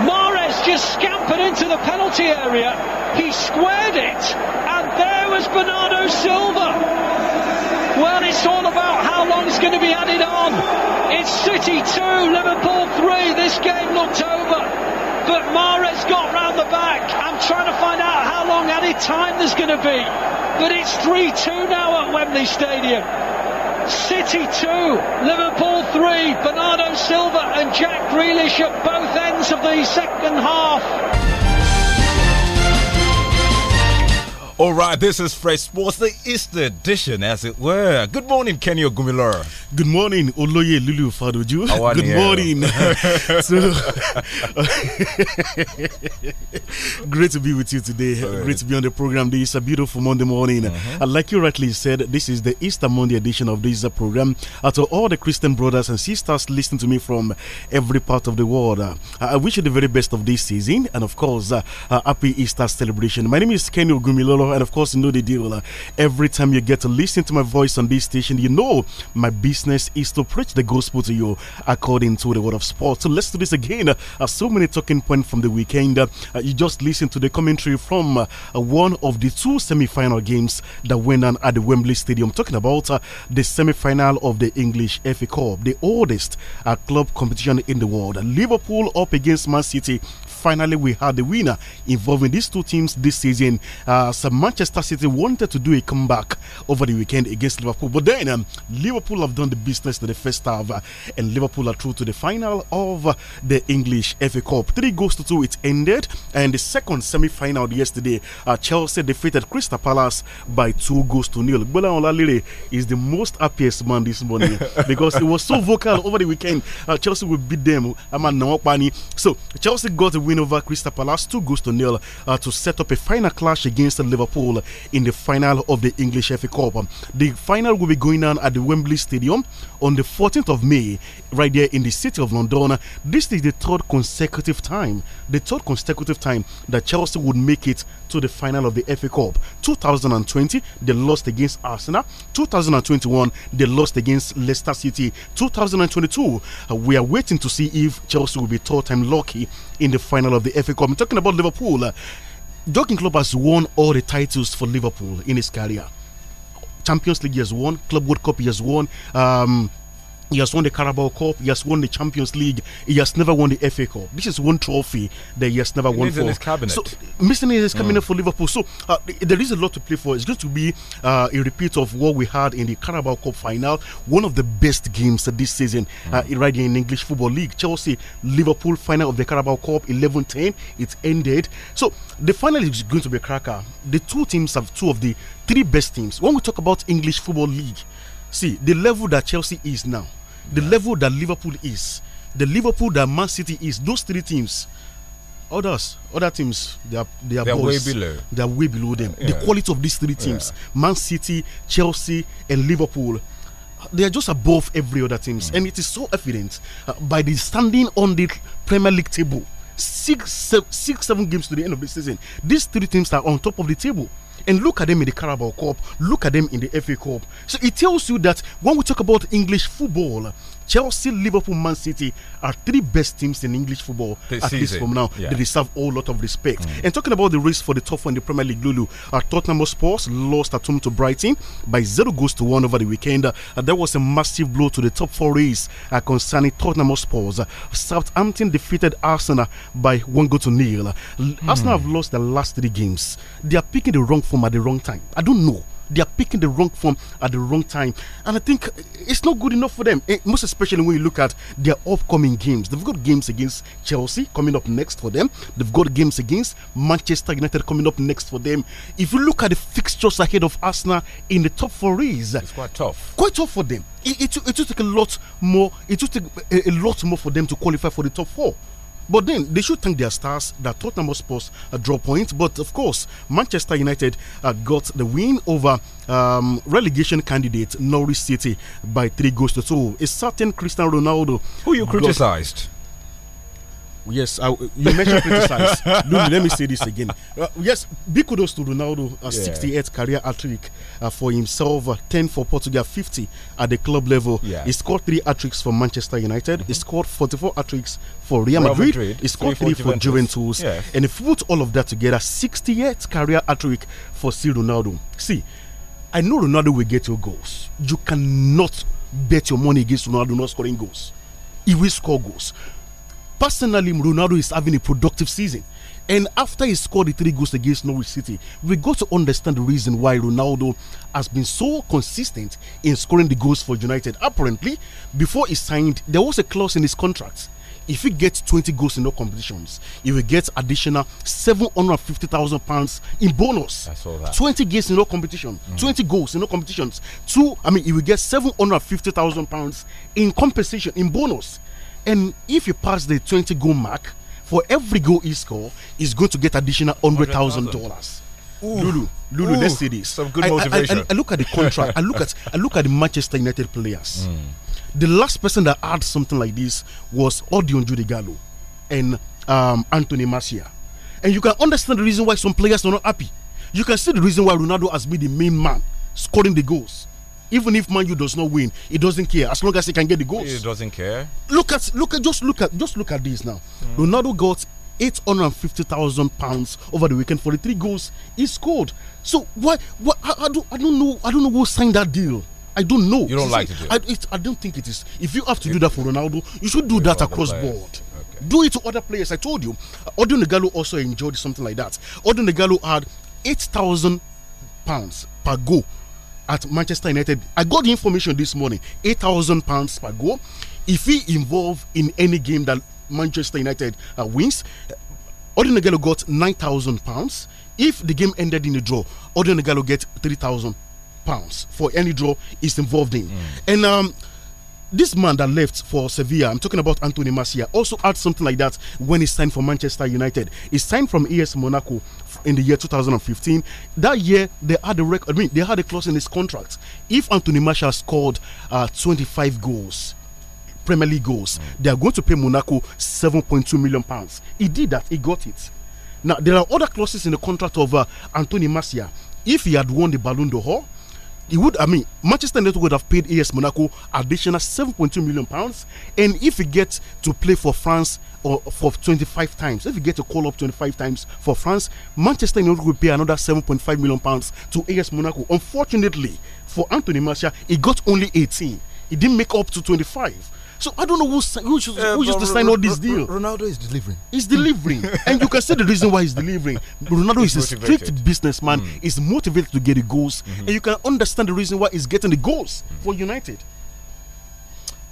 Mares just scampered into the penalty area. He squared it, and there was Bernardo Silva. Well, it's all about how long it's going to be added on. It's City 2, Liverpool 3. This game looked over. But Mares got round the back. I'm trying to find out how long added time there's going to be. But it's 3-2 now at Wembley Stadium. City 2, Liverpool 3, Bernardo Silva and Jack Grealish at both ends of the second half. All right, this is Fresh Sports, the Easter edition, as it were. Good morning, Kenny Ogumilor. Good morning, Oloye Lulu Fadoju. Good morning. so, great to be with you today. Sorry. Great to be on the program. This is a beautiful Monday morning. Mm -hmm. And like you rightly said, this is the Easter Monday edition of this program. Uh, to all the Christian brothers and sisters listening to me from every part of the world, uh, I wish you the very best of this season. And of course, uh, uh happy Easter celebration. My name is Kenny Ogumilor. And of course, you know the deal. every time you get to listen to my voice on this station, you know my business is to preach the gospel to you according to the word of sport. So let's do this again. Uh, uh so many talking points from the weekend. Uh, uh, you just listen to the commentary from uh, uh one of the two semi final games that went on at the Wembley Stadium. Talking about uh, the semi final of the English FA Cup, the oldest club competition in the world. Liverpool up against Man City finally we had the winner involving these two teams this season. Uh, so Manchester City wanted to do a comeback over the weekend against Liverpool, but then um, Liverpool have done the business to the first half, uh, and Liverpool are through to the final of uh, the English FA Cup. Three goals to two, it ended, and the second semi-final yesterday, uh, Chelsea defeated Crystal Palace by two goals to nil. Bola Olalire is the most happiest man this morning because he was so vocal over the weekend. Uh, Chelsea will beat them. I'm a So Chelsea got the win win over Crystal Palace, two goals to nil, uh, to set up a final clash against Liverpool in the final of the English FA Cup. The final will be going on at the Wembley Stadium on the 14th of May, right there in the city of London. This is the third consecutive time, the third consecutive time that Chelsea would make it to the final of the FA Cup. 2020, they lost against Arsenal. 2021, they lost against Leicester City. 2022, uh, we are waiting to see if Chelsea will be third time lucky in the final of the FA Cup. I'm talking about Liverpool. Uh, Club has won all the titles for Liverpool in his career. Champions League has won, Club World Cup has won, um, he has won the Carabao Cup. He has won the Champions League. He has never won the FA Cup. This is one trophy that he has never he won for. his cabinet. So, missing in his mm. cabinet mm. for Liverpool. So uh, there is a lot to play for. It's going to be uh, a repeat of what we had in the Carabao Cup final. One of the best games this season, uh, mm. uh, right in English Football League. Chelsea, Liverpool final of the Carabao Cup, 11-10. It ended. So the final is going to be a cracker. The two teams have two of the three best teams. When we talk about English Football League See, the level that Chelsea is now, the level that Liverpool is, the Liverpool that Man City is, those three teams, others, other teams, they are they are, they are way below. They are way below them. Yeah. The quality of these three teams, yeah. Man City, Chelsea, and Liverpool, they are just above every other teams, mm. and it is so evident uh, by the standing on the Premier League table. Six, se six, seven games to the end of the season. These three teams are on top of the table. And look at them in the Carabao Cup, look at them in the FA Cup. So it tells you that when we talk about English football, Chelsea, Liverpool, Man City are three best teams in English football this at season. least from now. Yeah. They deserve a lot of respect. Mm. And talking about the race for the top one in the Premier League, Lulu, our uh, Tottenham Sports lost at home to Brighton by zero goals to one over the weekend. Uh, that was a massive blow to the top four race uh, concerning Tottenham Sports. Uh, Southampton defeated Arsenal by one goal to nil. Mm. Arsenal hmm. have lost the last three games. They are picking the wrong form at the wrong time. I don't know. They are picking the wrong form at the wrong time. And I think it's not good enough for them, eh, most especially when you look at their upcoming games. They've got games against Chelsea coming up next for them, they've got games against Manchester United coming up next for them. If you look at the fixtures ahead of Arsenal in the top four it's quite tough. Quite tough for them. It, it, it will take a lot more, it will take a, a lot more for them to qualify for the top four. But then they should thank their stars that Tottenham Sports uh, draw points. But of course, Manchester United uh, got the win over um, relegation candidate Norwich City by three goals to two. A certain Cristiano Ronaldo, who you criticised Yes, I, you mentioned criticize. let me say this again. Uh, yes, big kudos to Ronaldo, uh, yeah. 68 career hat trick uh, for himself, uh, 10 for Portugal, 50 at the club level. Yeah. He scored three hat tricks for Manchester United. Mm -hmm. He mm-hmm. scored 44 hat tricks for Real Madrid. Madrid. He scored three, for Juventus. Yeah. And if you put all of that together, 68 career hat trick for C. Ronaldo. See, I know Ronaldo will get your goals. You cannot bet your money against Ronaldo not scoring goals he will score goals. Personally, Ronaldo is having a productive season. And after he scored the three goals against Norwich City, we got to understand the reason why Ronaldo has been so consistent in scoring the goals for United. Apparently, before he signed, there was a clause in his contract. If he gets 20 goals in all competitions, he will get additional 750,000 pounds in bonus. 20 goals in all competitions. mm. 20 goals in all competitions. Two, I mean, he will get 750,000 pounds in compensation in bonus. And if you pass the 20 goal mark, for every goal he score, he's going to get additional hundred thousand dollars. Lulu, Lulu, Ooh. let's see this. Some good I, motivation. I, I, I, look at the contract. I look at I look at the Manchester United players. Mm. The last person that had something like this was Odion Judigallo and um, Anthony Marcia. And you can understand the reason why some players are not happy. You can see the reason why Ronaldo has been the main man scoring the goals even if Manu does not win, he doesn't care as long as he can get the goals. He doesn't care. Look at look at just look at just look at this now. Mm. Ronaldo got eight hundred and fifty thousand pounds over the weekend for the three goals he scored. So why? What I, I, don't I don't know I don't know who signed that deal. I don't know. You don't See, like it. I, it, I don't think it is. If you have to do that for Ronaldo, you should do that across board. Okay. Do it to other players. I told you, Odin Negalo also enjoyed something like that. Odin Negalo had eight thousand pounds per goal at Manchester United. I got the information this morning: eight thousand pounds per goal. If he involved in any game that Manchester United uh, wins, uh, Odinogalo got nine thousand pounds. If the game ended in a draw, Odinogalo get three thousand pounds for any draw he's involved in. Mm. And um, this man that left for Sevilla, I'm talking about Anthony Marcia, also had something like that when he signed for Manchester United. He signed from AS e Monaco in the year 2015. That year, they had a record. I mean, they had a clause in his contract. If Anthony Marcia scored uh, 25 goals, Premier League goals, mm. they are going to pay Monaco 7.2 million pounds. He did that. He got it. Now there are other clauses in the contract of uh, Anthony Marcia. If he had won the Ballon d'Or It would, I mean, Manchester United would have paid AS Monaco additional 7.2 million pounds. And if he gets to play for France or for 25 times, if he gets to call up 25 times for France, Manchester United would pay another 7.5 million pounds to AS Monaco. Unfortunately, for Anthony Martial, he got only 18. He didn't make up to 25. So I don't know who who, should, who used eh, to sign all this deal. Ronaldo is delivering. He's delivering, and you can see the reason why he's delivering. Ronaldo he's is motivated. a strict businessman. Mm. He's motivated to get the goals, mm -hmm. and you can understand the reason why he's getting the goals mm. for United.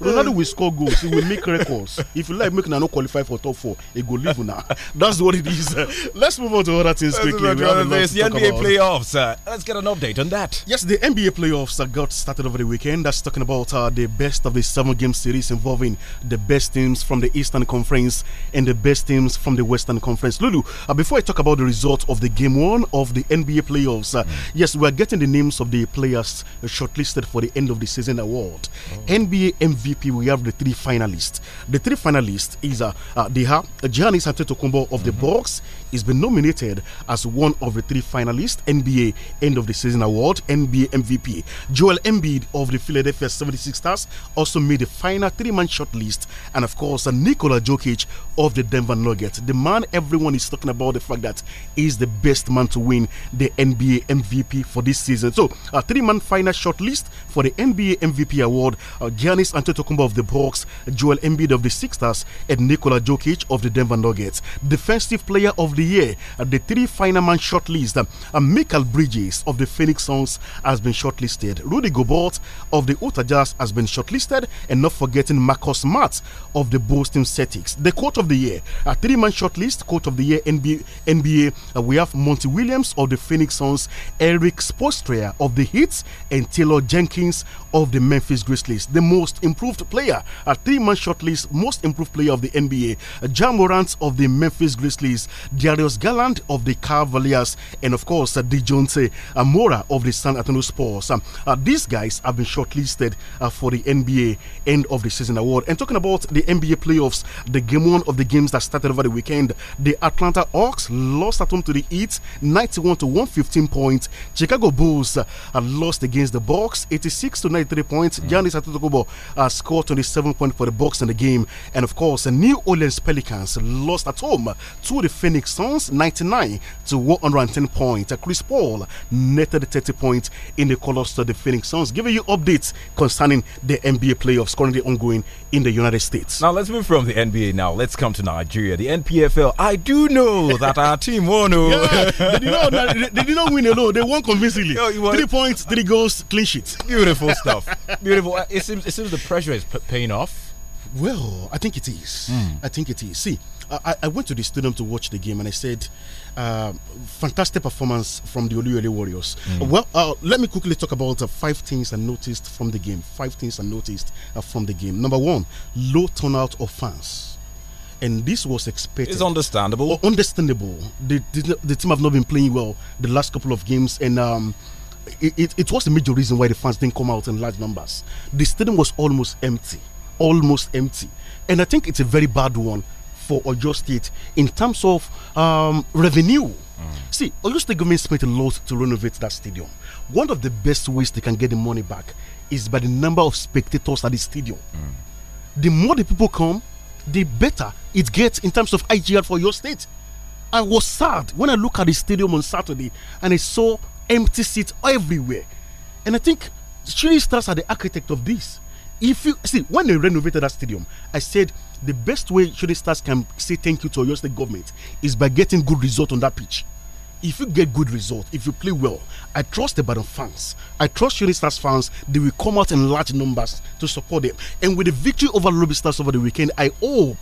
Ronaldo will score goals. He will make records. If you like, make Nano qualify for top four. He go leave now. That's what it is. Let's move on to other things quickly. We have the NBA about. playoffs. Uh, let's get an update on that. Yes, the NBA playoffs uh, got started over the weekend. That's talking about uh, the best of the seven-game series involving the best teams from the Eastern Conference and the best teams from the Western Conference. Lulu, uh, before I talk about the result of the game one of the NBA playoffs, uh, mm. yes, we are getting the names of the players shortlisted for the end of the season award. Oh. NBA MVP we have the three finalists. The three finalists is uh, uh, they have uh, Giannis Antetokounmpo of mm -hmm. the mm-hmm. Bucks, He's been nominated as one of the three finalists NBA End of the Season Award, NBA MVP. Joel Embiid of the Philadelphia 76ers also made the final three man shortlist. And of course, Nikola Jokic of the Denver Nuggets. The man everyone is talking about, the fact that he's the best man to win the NBA MVP for this season. So, a three man final shortlist for the NBA MVP Award uh, Giannis Antetokounmpo of the Bucks, Joel Embiid of the Sixers, and Nikola Jokic of the Denver Nuggets. Defensive player of the the Year at the three final man shortlist. And Michael Bridges of the Phoenix Suns has been shortlisted. Rudy Gobert of the Utah Jazz has been shortlisted. And not forgetting Marcus Smart of the Boston Celtics. The Coach of the Year, a three man shortlist, Coach of the Year NBA. NBA uh, we have Monty Williams of the Phoenix Suns, Eric Spolstra of the Heat, and Taylor Jenkins of the Memphis Grizzlies. The most improved player, a three man shortlist, most improved player of the NBA, uh, Jamorant of the Memphis Grizzlies. They Darius gallant of the Cavaliers, and of course, uh, Dejounte uh, Mora of the San Antonio Spurs. Um, uh, these guys have been shortlisted uh, for the NBA End of the Season Award. And talking about the NBA playoffs, the game one of the games that started over the weekend, the Atlanta Hawks lost at home to the Heat, 91 to 115 points. Chicago Bulls lost against the Bucks, 86 to 93 points. Mm. Giannis Antetokounmpo uh, scored 27 points for the Bucks in the game, and of course, the New Orleans Pelicans lost at home to the Phoenix Suns 99 to 110 points. Chris Paul netted 30 points in the colossal of the Phoenix Suns. Giving you updates concerning the NBA playoffs currently ongoing in the United States. Now let's move from the NBA now. Let's come to Nigeria. The NPFL. I do know that our team won. Oh. Yeah, they, did not, they did not win alone. They won convincingly. Yo, three points, three goals, clean sheet. Beautiful stuff. Beautiful. Uh, it seems, it seems the pressure is paying off well, I think it is. Mm. I think it is. See, I, I, went to the stadium to watch the game and I said, uh, fantastic performance from the Oluyole Warriors. Mm. Well, uh, let me quickly talk about uh, five things I noticed from the game. Five things I noticed uh, from the game. Number one, low turnout of fans. And this was expected. It's understandable. understandable. The, the, the, team have not been playing well the last couple of games. And. Um, it, it, it was the major reason why the fans didn't come out in large numbers. The stadium was almost empty almost empty. And I think it's a very bad one for Oyo State in terms of um, revenue. Mm. See, Oyo State government spent a lot to renovate that stadium. One of the best ways they can get the money back is by the number of spectators at the stadium. Mm. The more the people come, the better it gets in terms of IGR for your state. I was sad when I looked at the stadium on Saturday and I saw empty seats everywhere. And I think Chile Stars are the architect of this. If you see, when they renovated that stadium, I said the best way shooting stars can say thank you to your state government is by getting good result on that pitch. If you get good result, if you play well, I trust the Badon fans. I trust Shooting Stars fans. They will come out in large numbers to support them. And with the victory over Ruby Stars over the weekend, I hope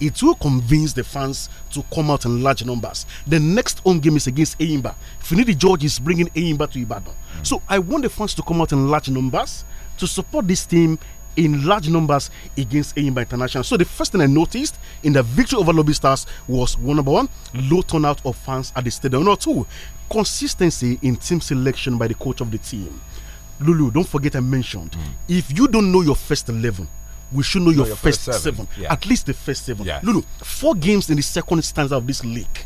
it will convince the fans to come out in large numbers. The next home game is against Aimba. Finidi George is bringing Aimba to Ibadan. Mm. So I want the fans to come out in large numbers to support this team in large numbers against Aimba International. So the first thing I noticed in the victory over Lobby Stars was one number one, low turnout of fans at the stadium. Number two, consistency in team selection by the coach of the team. Lulu, don't forget I mentioned mm. if you don't know your first eleven, we should know, know your, your, first, first seven, seven. Yeah. at least the first seven. Yes. Lulu, four games in the second stanza of this league,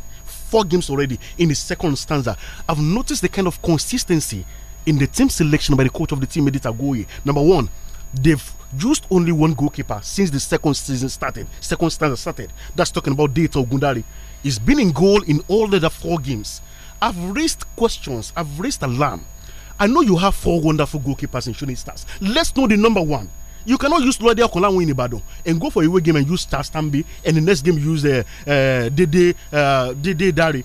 four games already in the second stanza. I've noticed the kind of consistency in the team selection by the coach of the team, Edith Agoye. Number one, they've used only one goalkeeper since the second season started. Second season started. That's talking about Data Gundari. He's been in goal in all the four games. I've raised questions. I've raised alarm. I know you have four wonderful goalkeepers in shooting stars. Let's know the number one. You cannot use Lodi Akolanwo in Ibadan and go for a away game and use Star Stambi, and the next game use uh, uh, Dede, uh, Dede Dari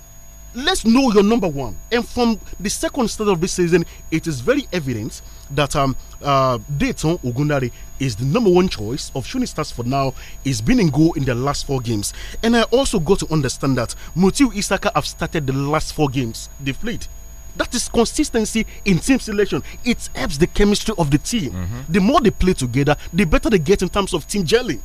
let's know your number one. And from the second start of this season, it is very evident that um uh Dayton Ogundari is the number one choice of shooting stars for now. He's been in goal in the last four games. And I also got to understand that Mutiu Isaka have started the last four games they played. That is consistency in team selection. It helps the chemistry of the team. Mm -hmm. The more they play together, the better they get in terms of team gelling.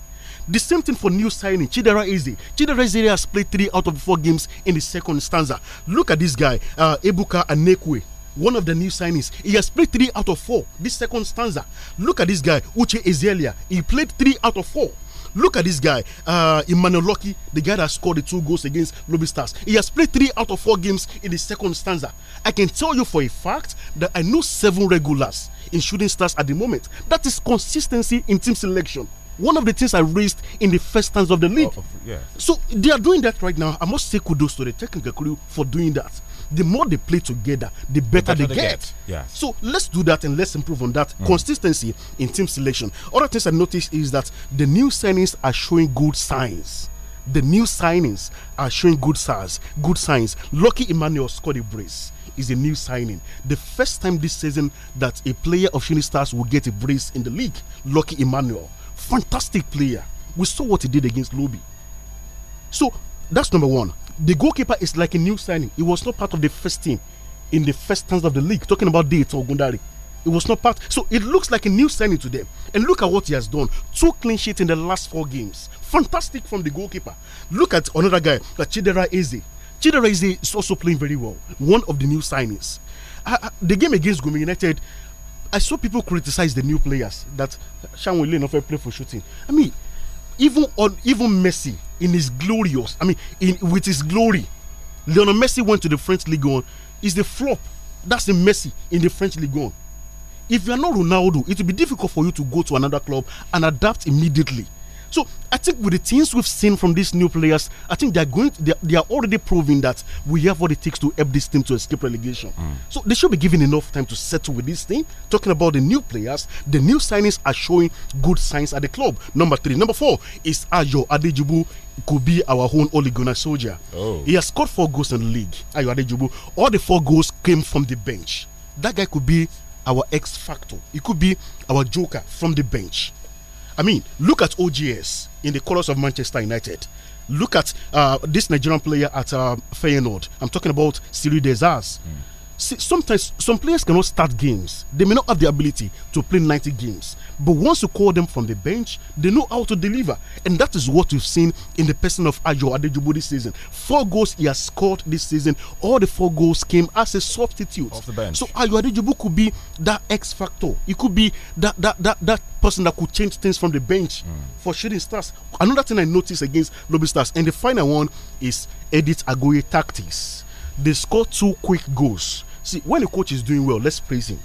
The same thing for new signing Chidera Eze. Chidera Eze has played three out of four games in the second stanza. Look at this guy, uh, Ebuka Anekwe one of the new signings. He has played three out of four. This second stanza. Look at this guy, Uche Ezelia. He played three out of four. Look at this guy, uh, Emmanuel Lucky, the guy that scored the two goals against Lobby Stars. He has played three out of four games in the second stanza. I can tell you for a fact that I know seven regulars in shooting stars at the moment. That is consistency in team selection one of the things I raised in the first times of the league. Oh, yeah. So they are doing that right now. I must say kudos to the technical crew for doing that. The more they play together, the better, the better they, they, get. get. So let's do that and let's improve on that mm. consistency in team selection. Other things I noticed is that the new signings are showing good signs the new signings are showing good signs. Good signs. Lucky Emmanuel scored a brace. Is a new signing. The first time this season that a player of Shooting Stars will get a brace in the league. Lucky Emmanuel fantastic player. We saw what he did against Lobi. So that's number one. The goalkeeper is like a new signing. He was not part of the first team in the first stands of the league. Talking about Date or Gundari. It was not part. So it looks like a new signing to them. And look at what he has done. Two clean sheets in the last four games. Fantastic from the goalkeeper. Look at another guy, uh, Chidera Eze. Chidera Eze is also playing very well. One of the new signings. Uh, uh the game against Gumi United, I saw people criticize the new players that Shaun Ile not play for shooting. I mean, even on even Messi in his glorious, I mean, in with his glory, Lionel Messi went to the French league on. Is the flop? That's the Messi in the French league on. If you are not Ronaldo, it will be difficult for you to go to another club and adapt immediately So I think with the things we've seen from these new players, I think they're going. they, they, are already proving that we have what it takes to help this team to escape relegation. Mm. So they should be given enough time to settle with this thing. Talking about the new players, the new signings are showing good signs at the club. Number three, number four is Ayo Adejubu could be our own Oligona soldier. Oh. He has scored four goals in the league. Ayo Adejubu. All the four goals came from the bench. That guy could be our X factor. It could be our joker from the bench. I mean, look at OGS in the colours of Manchester United. Look at uh, this Nigerian player at uh, Feyenoord. I'm talking about Siri Desas. Mm. See, sometimes some players cannot start games. They may not have the ability to play 90 games. But once you call them from the bench, they know how to deliver. And that is what we've seen in the person of Ajo Adejubo this season. Four goals he has scored this season. All the four goals came as a substitute. Off the bench. So Ajo Adejubo could be that X factor. He could be that that that that person that could change things from the bench mm. for shooting stars. Another thing I noticed against Lobby Stars, and the final one is Edith Agoye tactics. They scored two quick goals See, when a coach is doing well, let's praise him.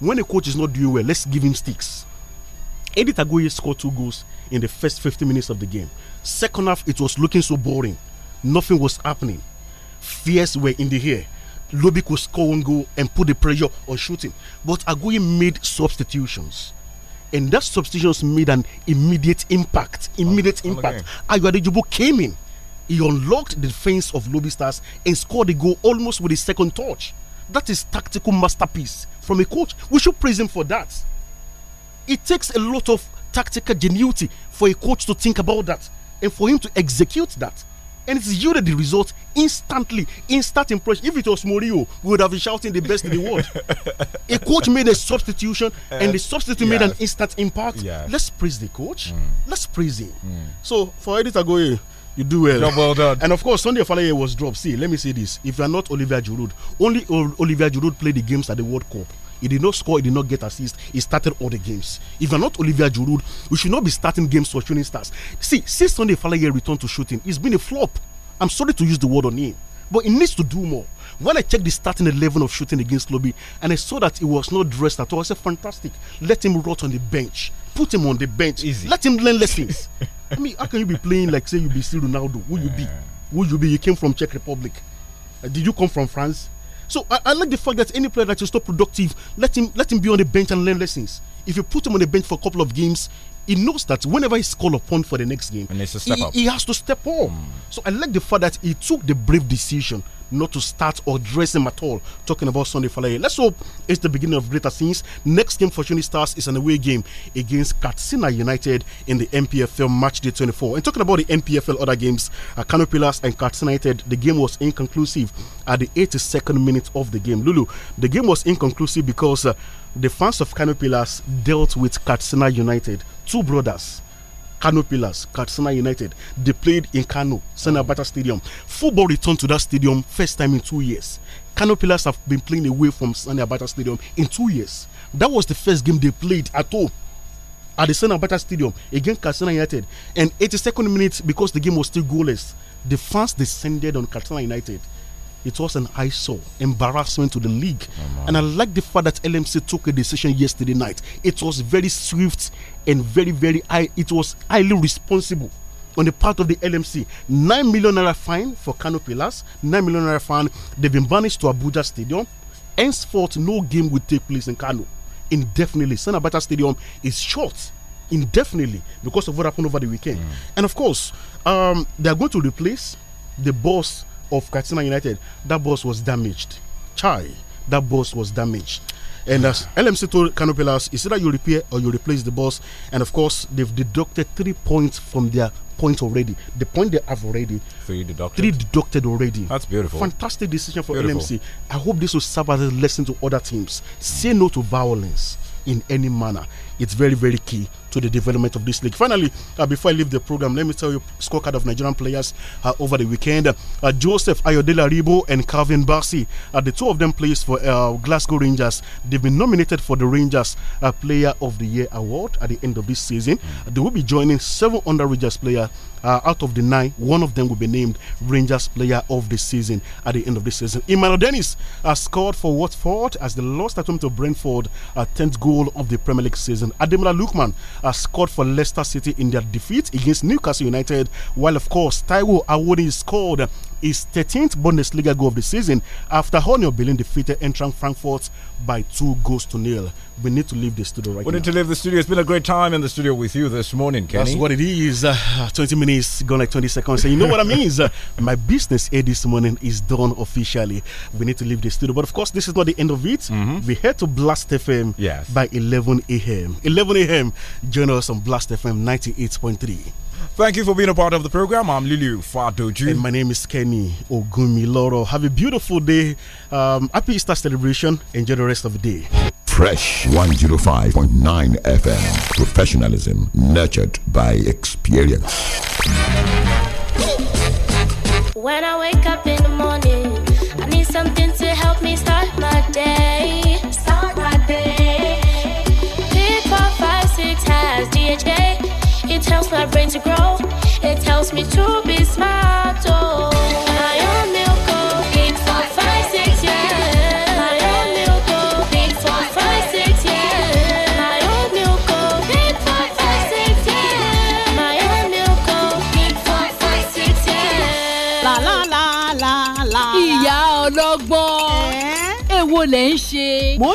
When a coach is not doing well, let's give him sticks. Edith Agoye scored two goals in the first 50 minutes of the game. Second half, it was looking so boring. Nothing was happening. Fears were in the air. Lobi could score one goal and put the pressure on shooting. But Agoye made substitutions. And that substitutions made an immediate impact. Immediate on, impact. Aguadejubo came in. He unlocked the defense of Lobi Stars and scored the goal almost with his second touch. That is tactical masterpiece from a coach. We should praise him for that. It takes a lot of tactical genuity for a coach to think about that and for him to execute that. And it's yielded the result instantly, instant impression. If it was Mourinho, we would have been shouting the best in the world. a coach made a substitution, uh, and the uh, substitute yes. made an instant impact. Yes. Let's praise the coach. Mm. Let's praise him. Mm. So for Edith Agoye, You do well. Job well done. And of course, Sunday Faleye was dropped. See, let me say this: if you are not Olivier Giroud, only Olivier Giroud played the games at the World Cup. He did not score. He did not get assist. He started all the games. If you're not Olivier Giroud, we should not be starting games for shooting stars. See, since Sunday Faleye returned to shooting, it's been a flop. I'm sorry to use the word on him, but he needs to do more. When I checked the starting 11 of shooting against Lobby and I saw that he was not dressed at all, I said, fantastic. Let him rot on the bench. put him on the bench. Easy. Let him learn lessons. I mean, how can you be playing like say you be still Ronaldo? Who you be? Who you be? You came from Czech Republic. Uh, did you come from France? So I, I, like the fact that any player that is not productive, let him let him be on the bench and learn lessons. If you put him on the bench for a couple of games, he knows that whenever he's called upon for the next game, he, he, has to step up. Mm. So I like the fact that he took the brave decision not to start or dress him at all. Talking about Sunday Falaye. Let's hope it's the beginning of greater things. Next game for Shuni Stars is an away game against Katsina United in the MPFL Matchday 24. And talking about the MPFL other games, uh, Canopilas and Katsina United, the game was inconclusive at the 82nd minute of the game. Lulu, the game was inconclusive because uh, the fans of Canopilas dealt with Katsina United, two brothers Kano Pillars, Katsina United. They played in Kano, Sani Abacha Stadium. Football returned to that stadium first time in two years. Kano Pillars have been playing away from Sani Abacha Stadium in two years. That was the first game they played at home at the Abacha Stadium against Katsina United. And 82nd minute, because the game was still goalless, the fans descended on Katsina United. It was an eyesore, embarrassment to the league. Oh, and I like the fact that LMC took a decision yesterday night. It was very swift and very, very high. It was highly responsible on the part of the LMC. 9 million naira fine for Kano Pillars, 9 million naira fine. They've been banished to Abuja Stadium. Henceforth, no game will take place in Kano indefinitely. Sanabata Stadium is short indefinitely because of what happened over the weekend. Mm. And of course, um, they are going to replace the boss of Katsina United, that bus was damaged. Chai, that bus was damaged. And as LMC told Canopilas, it's either you repair or you replace the bus. And of course, they've deducted three points from their point already. The point they have already. Three deducted. Three deducted already. That's beautiful. Fantastic decision for beautiful. LMC. I hope this will serve as a lesson to other teams. Say no to violence in any manner. It's very, very key to the development of this league. Finally, uh, before I leave the program, let me tell you scorecard of Nigerian players uh, over the weekend. Uh, Joseph Ayodele Ribo and Calvin Barsi, uh, the two of them plays for uh, Glasgow Rangers. They've been nominated for the Rangers uh, Player of the Year award at the end of this season. They will be joining seven under Rangers players. out of the nine, one of them will be named Rangers Player of the Season at the end of the season. Emmanuel Dennis has scored for Watford as they lost at home to Brentford, 10th goal of the Premier League season. Ademola Lukman uh, scored for Leicester City in their defeat against Newcastle United, while of course Taiwo Awoni scored his 13th Bundesliga goal of the season after Honio Berlin defeated Eintracht Frankfurt by two goals to nil. We need to leave the studio right we now. We need to leave the studio. It's been a great time in the studio with you this morning, Kenny. That's what it is. Uh, 20 minutes gone like 20 seconds. And you know what I mean? uh, my business here this morning is done officially. We need to leave the studio. But of course, this is not the end of it. Mm -hmm. We head to Blast FM yes. by 11 a.m. 11 a.m. Join us on Blast FM 98.3. Thank you for being a part of the program. I'm Lulu Fadoju. And my name is Kenny Ogumiloro. Have a beautiful day. Um, happy Easter celebration. Enjoy the rest of the day. Fresh 105.9 FM. Professionalism nurtured by experience. When I wake up in the morning, I need something to help me start my day. my brain to grow. It tells me to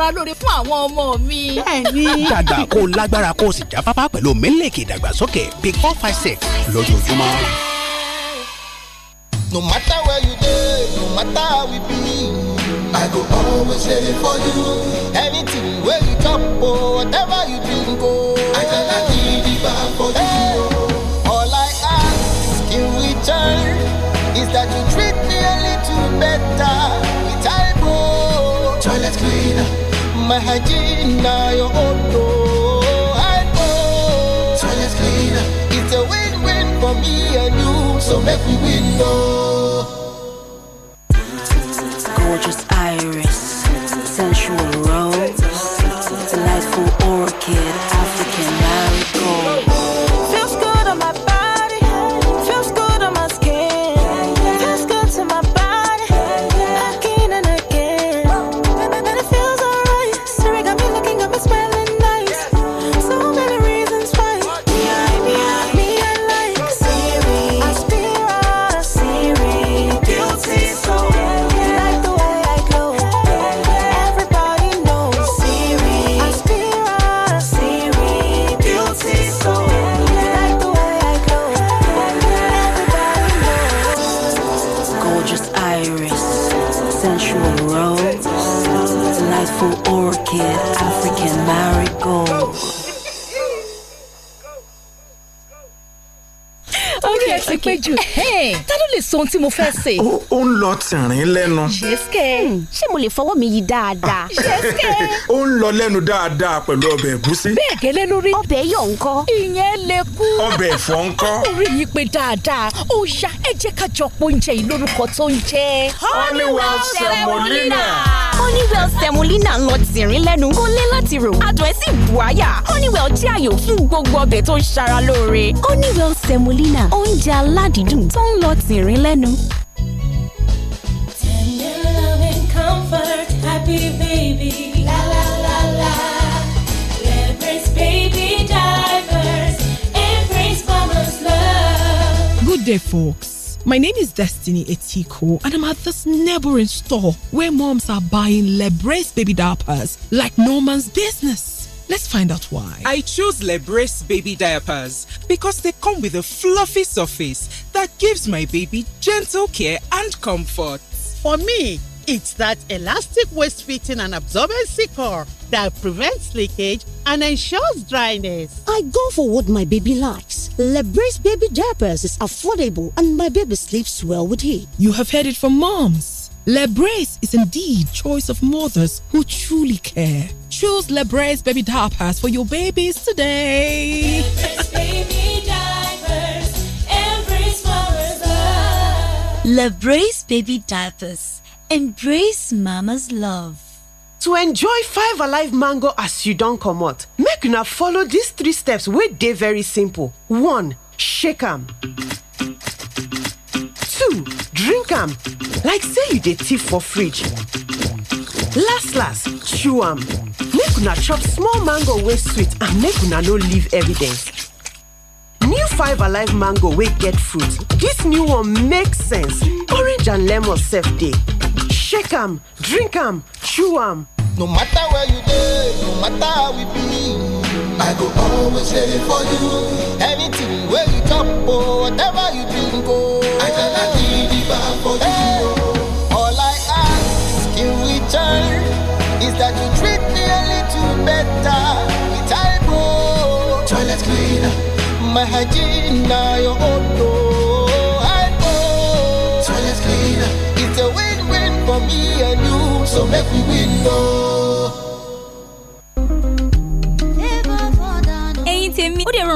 aṣara lóore fún àwọn ọmọ mi. bẹ́ẹ̀ni. dàgbà kó lágbára kó sì jáfáfá pẹ̀lú mílíkì ìdàgbàsókè big four five six lójoojúmọ́. no matter where you dey no matter how we be i go always dey for you anything wey you chop or oh, whatever you drink o. Oh. i gana give you back for you. Oh. all i ask in return is that you treat me a little better. mahajina yo oto I know Toilet cleaner It's a win-win for me and you So make we win, no oh. Gorgeous Iris you. Hey, sọ ohun tí mo fẹ́ ṣe. ó ń lọ tìrín lẹ́nu. ṣèṣkẹ́ hmm, ṣé mo lè fọwọ́ mi yí dáadáa. ṣèṣkẹ́ ó ń lọ lẹ́nu dáadáa pẹ̀lú ọbẹ̀ ẹ̀gúsí. bẹ́ẹ̀ gẹ́lẹ́ lórí. ọbẹ̀ yọ̀ ńkọ́. ìyẹn lè kú. ọbẹ̀ ẹ̀fọ́ ńkọ́. orí yìí pé dáadáa ó yá ẹ ká jọ pọ̀ yìí lórúkọ tó ń jẹ́. Honeywell semolina. Honeywell semolina ń lọ tìrín lẹ́nu kó lé láti rò adùn ẹ̀ sì bù àyà Honeywell jẹ́ àyò fún gbogbo ọbẹ̀ tó ń ṣara lóore. Honeywell semolina oúnjẹ aládìídùn tó ń lọ tìrín lẹ́nu. Good day, folks. My name is Destiny Etiko, and I'm at this neighboring store where moms are buying Lebrace baby diapers like no man's business. Let's find out why. I choose Lebrace baby diapers because they come with a fluffy surface that gives my baby gentle care and comfort. For me, it's that elastic waist fitting and absorbency core that prevents leakage and ensures dryness. I go for what my baby likes. Lebrace baby diapers is affordable and my baby sleeps well with it. You have heard it from moms. Lebrace is indeed choice of mothers who truly care. Choose Lebrace baby diapers for your babies today. baby diapers, embrace mama's love. Lebrace baby diapers, embrace mama's love. To enjoy five alive mango as you don't come out, make now follow these three steps With they very simple. One, shake am. Two, drink am. like say you dey thief for fridge last last chew am make una chop small mango wey sweet and make una no leave evidence new five alive mango wey get fruit dis new one make sense orange and lemon sef dey shake am drink am chew am no matter where you dey no matter how we be i go always dey for you anything wey you chop or whatever you drink oh i gana be di bar for you that you treat me a little better. It's I owe. Toilet cleaner. My hygiene now your own door. I owe. Toilet cleaner. It's a win-win for me and you, so make we win, no. Oh.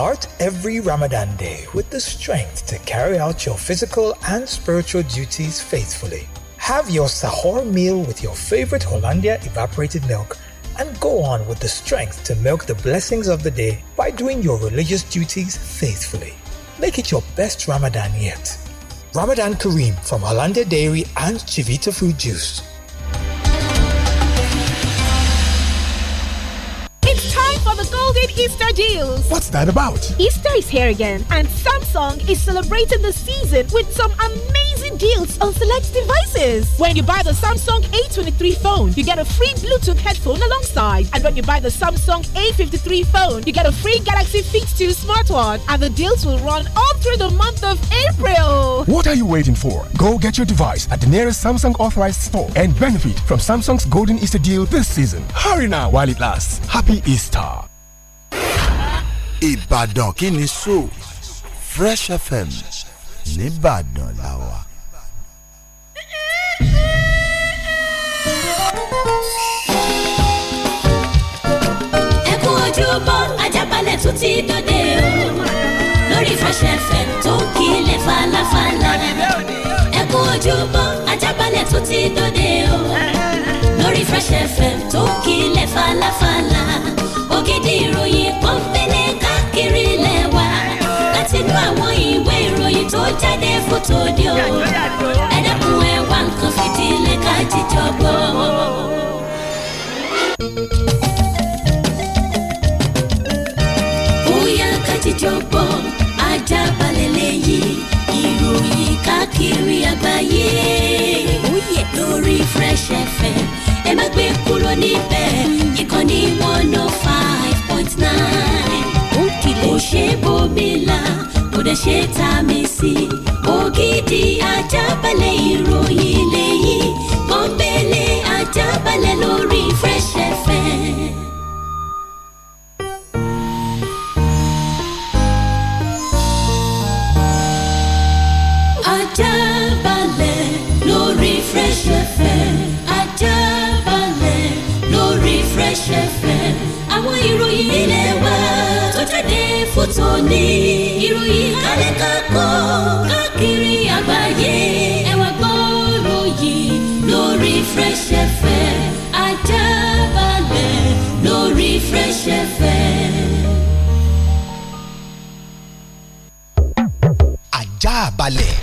Start every Ramadan day with the strength to carry out your physical and spiritual duties faithfully. Have your sahur meal with your favorite Hollandia evaporated milk and go on with the strength to milk the blessings of the day by doing your religious duties faithfully. Make it your best Ramadan yet. Ramadan Kareem from Hollandia Dairy and Chivita Fruit Juice. Easter deals. What's that about? Easter is here again, and Samsung is celebrating the season with some amazing deals on select devices. When you buy the Samsung A23 phone, you get a free Bluetooth headphone alongside. And when you buy the Samsung A53 phone, you get a free Galaxy Fit 2 smartwatch. And the deals will run all through the month of April. What are you waiting for? Go get your device at the nearest Samsung authorized store and benefit from Samsung's Golden Easter deal this season. Hurry now while it lasts. Happy Easter. Ìbàdàn kí ni so Fresh FM nìbàdàn la wà. ẹ kú ojúbọ Ajaabale tún ti dòde o lórí Fresh FM tó kílẹ̀ falafala ẹ kú ojúbọ Ajaabale tún ti dòde o lórí Fresh FM tó kílẹ̀ falafala ògidì ìròyìn pọ́ńpẹ́ nínú àwọn ìwé ìròyìn tó jáde fún tòde o ẹ dẹ́kun ẹ wá nǹkan fìdílé ká jíjọ bóyá ká jíjọ ajá balẹ̀ lẹ́yìn ìròyìn káàkiri àgbáyé oh, lórí Fresh FM ẹ má gbé kúrò níbẹ̀ ìkànnì one oh five point nine ó ṣe bòmílà kò dẹ̀ ṣe tá a mi sí. ògidì ajábalẹ̀ ìròyìn lẹ́yìn pọ́npẹ́lẹ́ ajábalẹ̀ lórí Fresh FM. ajábalẹ̀ lórí Fresh FM ajábalẹ̀ lórí Fresh FM àwọn ìròyìn ilé tó jáde fún tòní. ìròyìn kálẹ̀ kakọ́ káàkiri àgbáyé. ẹ wá gbọ́rọ̀ yìí lórí Fresh FM ajá balẹ̀ lórí Fresh FM. ajá balẹ̀.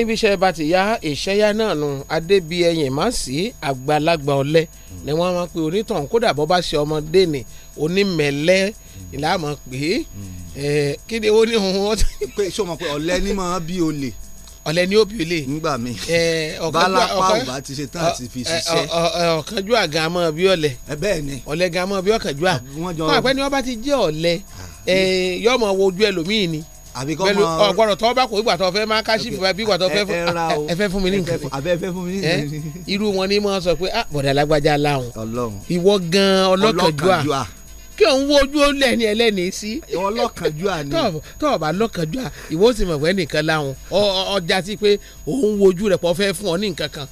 ní bí iṣẹ́ bá ti yá ìṣẹ́yá náà nu adébíyẹyìn má sí àgbàlagbà ọ̀lẹ ni wọ́n máa ń pe onítàn kódà bọ́ bá ṣe ọmọdé ni onímẹ̀lẹ́ ìlànà pé hmm. kí ni ó ní òun wọ́n. pé sọ ma pé ọ̀lẹ ni máa bí olè ọ̀lẹ́ ni ó bí olè. nígbà mi balapa ò bá ti ṣe tán àti fi ṣiṣẹ́. ọ̀kanjú àga mọ́ bí ọ̀lẹ́. bẹ́ẹ̀ ni. ọ̀lẹ́ gan mọ́ bí ọ̀kanjú à. fún àpẹ́ ni wọ́n bá ti jẹ́ ọ̀lẹ́ ah. yọmọ àbí kọ́ mọ ọ̀gbọ́dọ̀ tọ́ bá kò ìgbà tó fẹ́ máa káṣífù àbí ìgbà tó fẹ́ fún ẹ fẹ́ fún mi ní nǹkan àbẹ́ fẹ́ fún mi ní nǹkan irú wọn ni mo sọ pé ah bọ̀dà lágbájá láwọn ìwọ gan ọlọ́kànjúà kí òun wo ojú lẹ́ni ẹlẹ́ni sí. ọlọ́kànjúà ni tọ́ ọba lọ́kànjúà ìwọ sì mọ̀ pé nìkan láwọn ọjà sí pé òun wo ojú rẹ̀ pọ̀ fẹ́ fún ọ ní nǹkan kan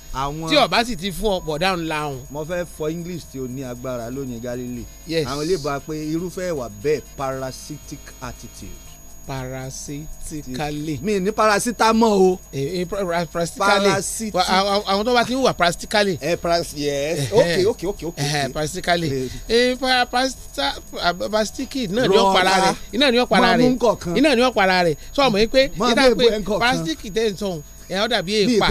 tí ọba sì ti fún ọ bọ̀dà ń láwọn. mo fẹ́ fọ English tí o ní agbára lónìí Galilei àwọn ilé ìbá pé irúfẹ́ ìwà bẹ́ẹ̀ parasitic attitude parasitikali. mi ni parasitamọ o. ee eh, eh, parasitikali àwọn tó bá ti ń wà parasitikali. ẹ eh, parasi yes ok ok ok ok. ẹ parasitikali ee parasitiki náà ni ó para rẹ iná ni ó para rẹ iná ni ó para rẹ sọ ọmọ yìí pé iná pé parasitiki tẹ̀ ń sọ̀hún ẹ ọ dàbí èèpà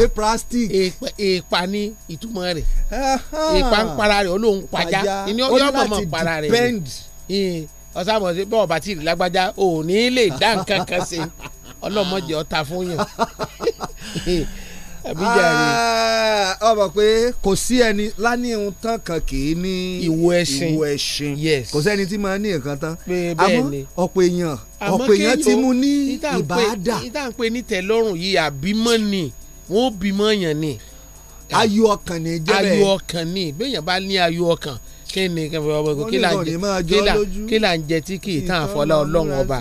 èèpà ni ìtumọ̀ rẹ̀ èèpà ń para rẹ̀ olóhùn pàjá ìní ọjọ́ ọmọ para depend ọ̀sàmọ̀ sí bọ́ọ̀ bá ti rí lágbájá ò ní lè dá nǹkan kan ṣe ọlọ́mọdé ọ̀tá fún yàn. ọ ah, mọ̀ pé kò sí ẹni lánìhun tán kan kì í ní ìwo ẹṣin ìwo ẹṣin kò sẹ́ni tí máa ní nǹkan tán àmọ́ ọ̀pọ̀ èèyàn ọ̀pọ̀ èèyàn ti mú ní ìbáàdà. ìta ń pè ní tẹ́lọ́rùn yìí àbímọ ni wọn ò bímọ yàn ni. ayọ̀ ọkàn ni jẹ́ bẹ́ẹ̀ ayọ̀ ọkàn ni bẹ́ẹ̀ yẹn bá ní ayọ̀ ọkàn kí ni kí là kí là ń jẹ tí kì í tàn àfọlá ọlọ́run ọba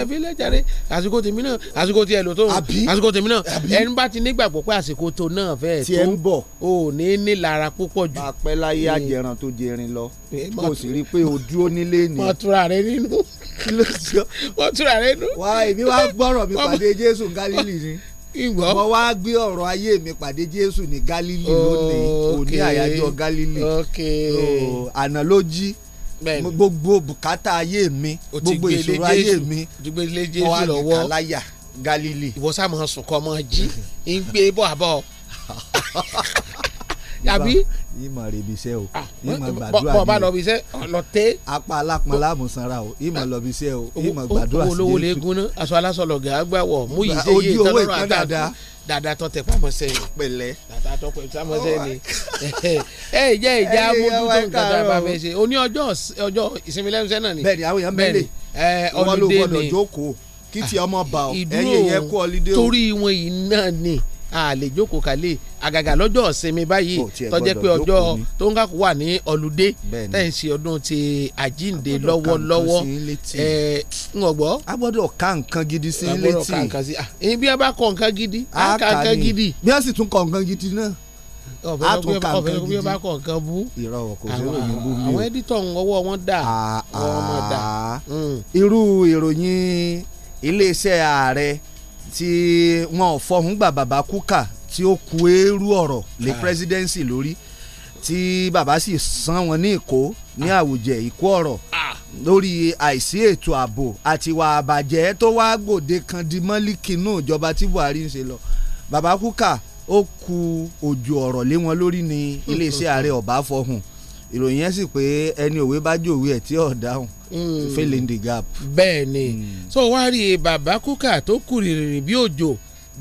ẹbí lẹ́jàre àsìkò tèmi náà àsìkò tiẹ̀ ló tó àsìkò tèmi náà ẹni bá ti nígbàgbọ́ pé àsìkò tó náà fẹ́ẹ̀ tó ń bọ̀ ò ní ní lára púpọ̀ jù. àpẹ́ láyé àjẹrán tó jẹrin lọ eh, kò sì rí i pé o dúró nílé ni. mo tura rẹ nínú mo tura rẹ nínú. wá èmi wá gbọ́rọ̀ mi pàdé Jésù Gálílì ni ìgbọ́. mo wá gbé ọ̀rọ̀ ayé mi pàdé Jésù ní Galili lónìí oh, òní àyájọ́ Galili àná ló jí gbogbo bùkátà ayé mi gbogbo ìṣòro ayé mi mo wá gbé kàláyà ìwọ sáà máa sùn kọ́ ọ jí ń gbé bọ́ àbọ̀. àbí. ìmọ̀ rẹ̀ ibi iṣẹ́ o ah, ìmọ̀ gbàdúrà ni o bọ̀ lọ ibi iṣẹ́ lọ tẹ́. apá alápọn lámùsànra o ìmọ̀ lọ ibi iṣẹ́ o ìmọ̀ gbàdúrà sí i. olówó lè gúnná aṣọ alásọ̀lọ̀ gàgbà wọ̀ mú yìí ṣe yé tọ́lọ́rọ̀ àtàkùn dada tó tẹ pamọ́ sẹ́yìn pẹ̀lẹ́ dada tó tẹ pamọ́ sẹ́yìn ẹ jẹ́ ìjà mójútó nǹkan tó bá fẹ́ ṣe o ní ọjọ́ ọjọ́ ìsinmi lẹ́nu iṣẹ́ náà ni. bẹ́ẹ̀ni àwọn èèyàn mẹlẹ ọlọdẹ ni kí ti ọmọ bá ọ ẹyẹ yẹ kó ọlídé o. torí wọn yìí náà ni a lè jókòó kalẹ̀ àgàgà lọ́jọ́ ìsinmi báyìí tọ́jẹ́ pé ọjọ́ tó ń kàkó wà ní ọlùdé tẹ̀yìn sí ọdún ti àjíǹde lọ́wọ́lọ́wọ́ ẹ̀ ń gbọ́. a gbọ́dọ̀ ká nǹkan gidi sí létí. a gbọ́dọ̀ ká nǹkan sí i bí a bá kọ nǹkan gidi a ká nǹkan gidi. bí a sì tún kọ nǹkan gidi náà a tún kà nǹkan gidi. ọ̀fẹ́ bí a bá kọ nǹkan bú. ìrọ̀ kò sí ìròyìn bú mi o. àwọn ẹ́dítọ̀ ń ọwọ́ wọn dà. Hmm. irú ìròyìn iléeṣẹ́ ààrẹ tí wọn ò fọhùn gbà bàbá kúkà tí ó ku eérú ọ̀rọ̀ lé ah. presidency lórí tí baba sì san wọn ní ìkó ní ah. àwùjẹ ìkó ọ̀rọ̀ ah. lórí àìsí ètò ààbò àti ìwà àbàjẹ́ tó wá gbòde kan di mọ́líkì náà ìjọba tí Buhari ń ṣe lọ bàbá kúkà ó ku òjò ọ̀rọ̀ lé wọn lórí ní iléeṣẹ́ ààrẹ ọ̀bá fọhùn ìròyìn yẹn sì pé ẹni òwe bá jòwe ẹ̀ tí ò dáhùn hmm. fill in the gap. bẹ́ẹ̀ ni hmm. so wá rí bàbá kúkà tó kùrìrì bí òjò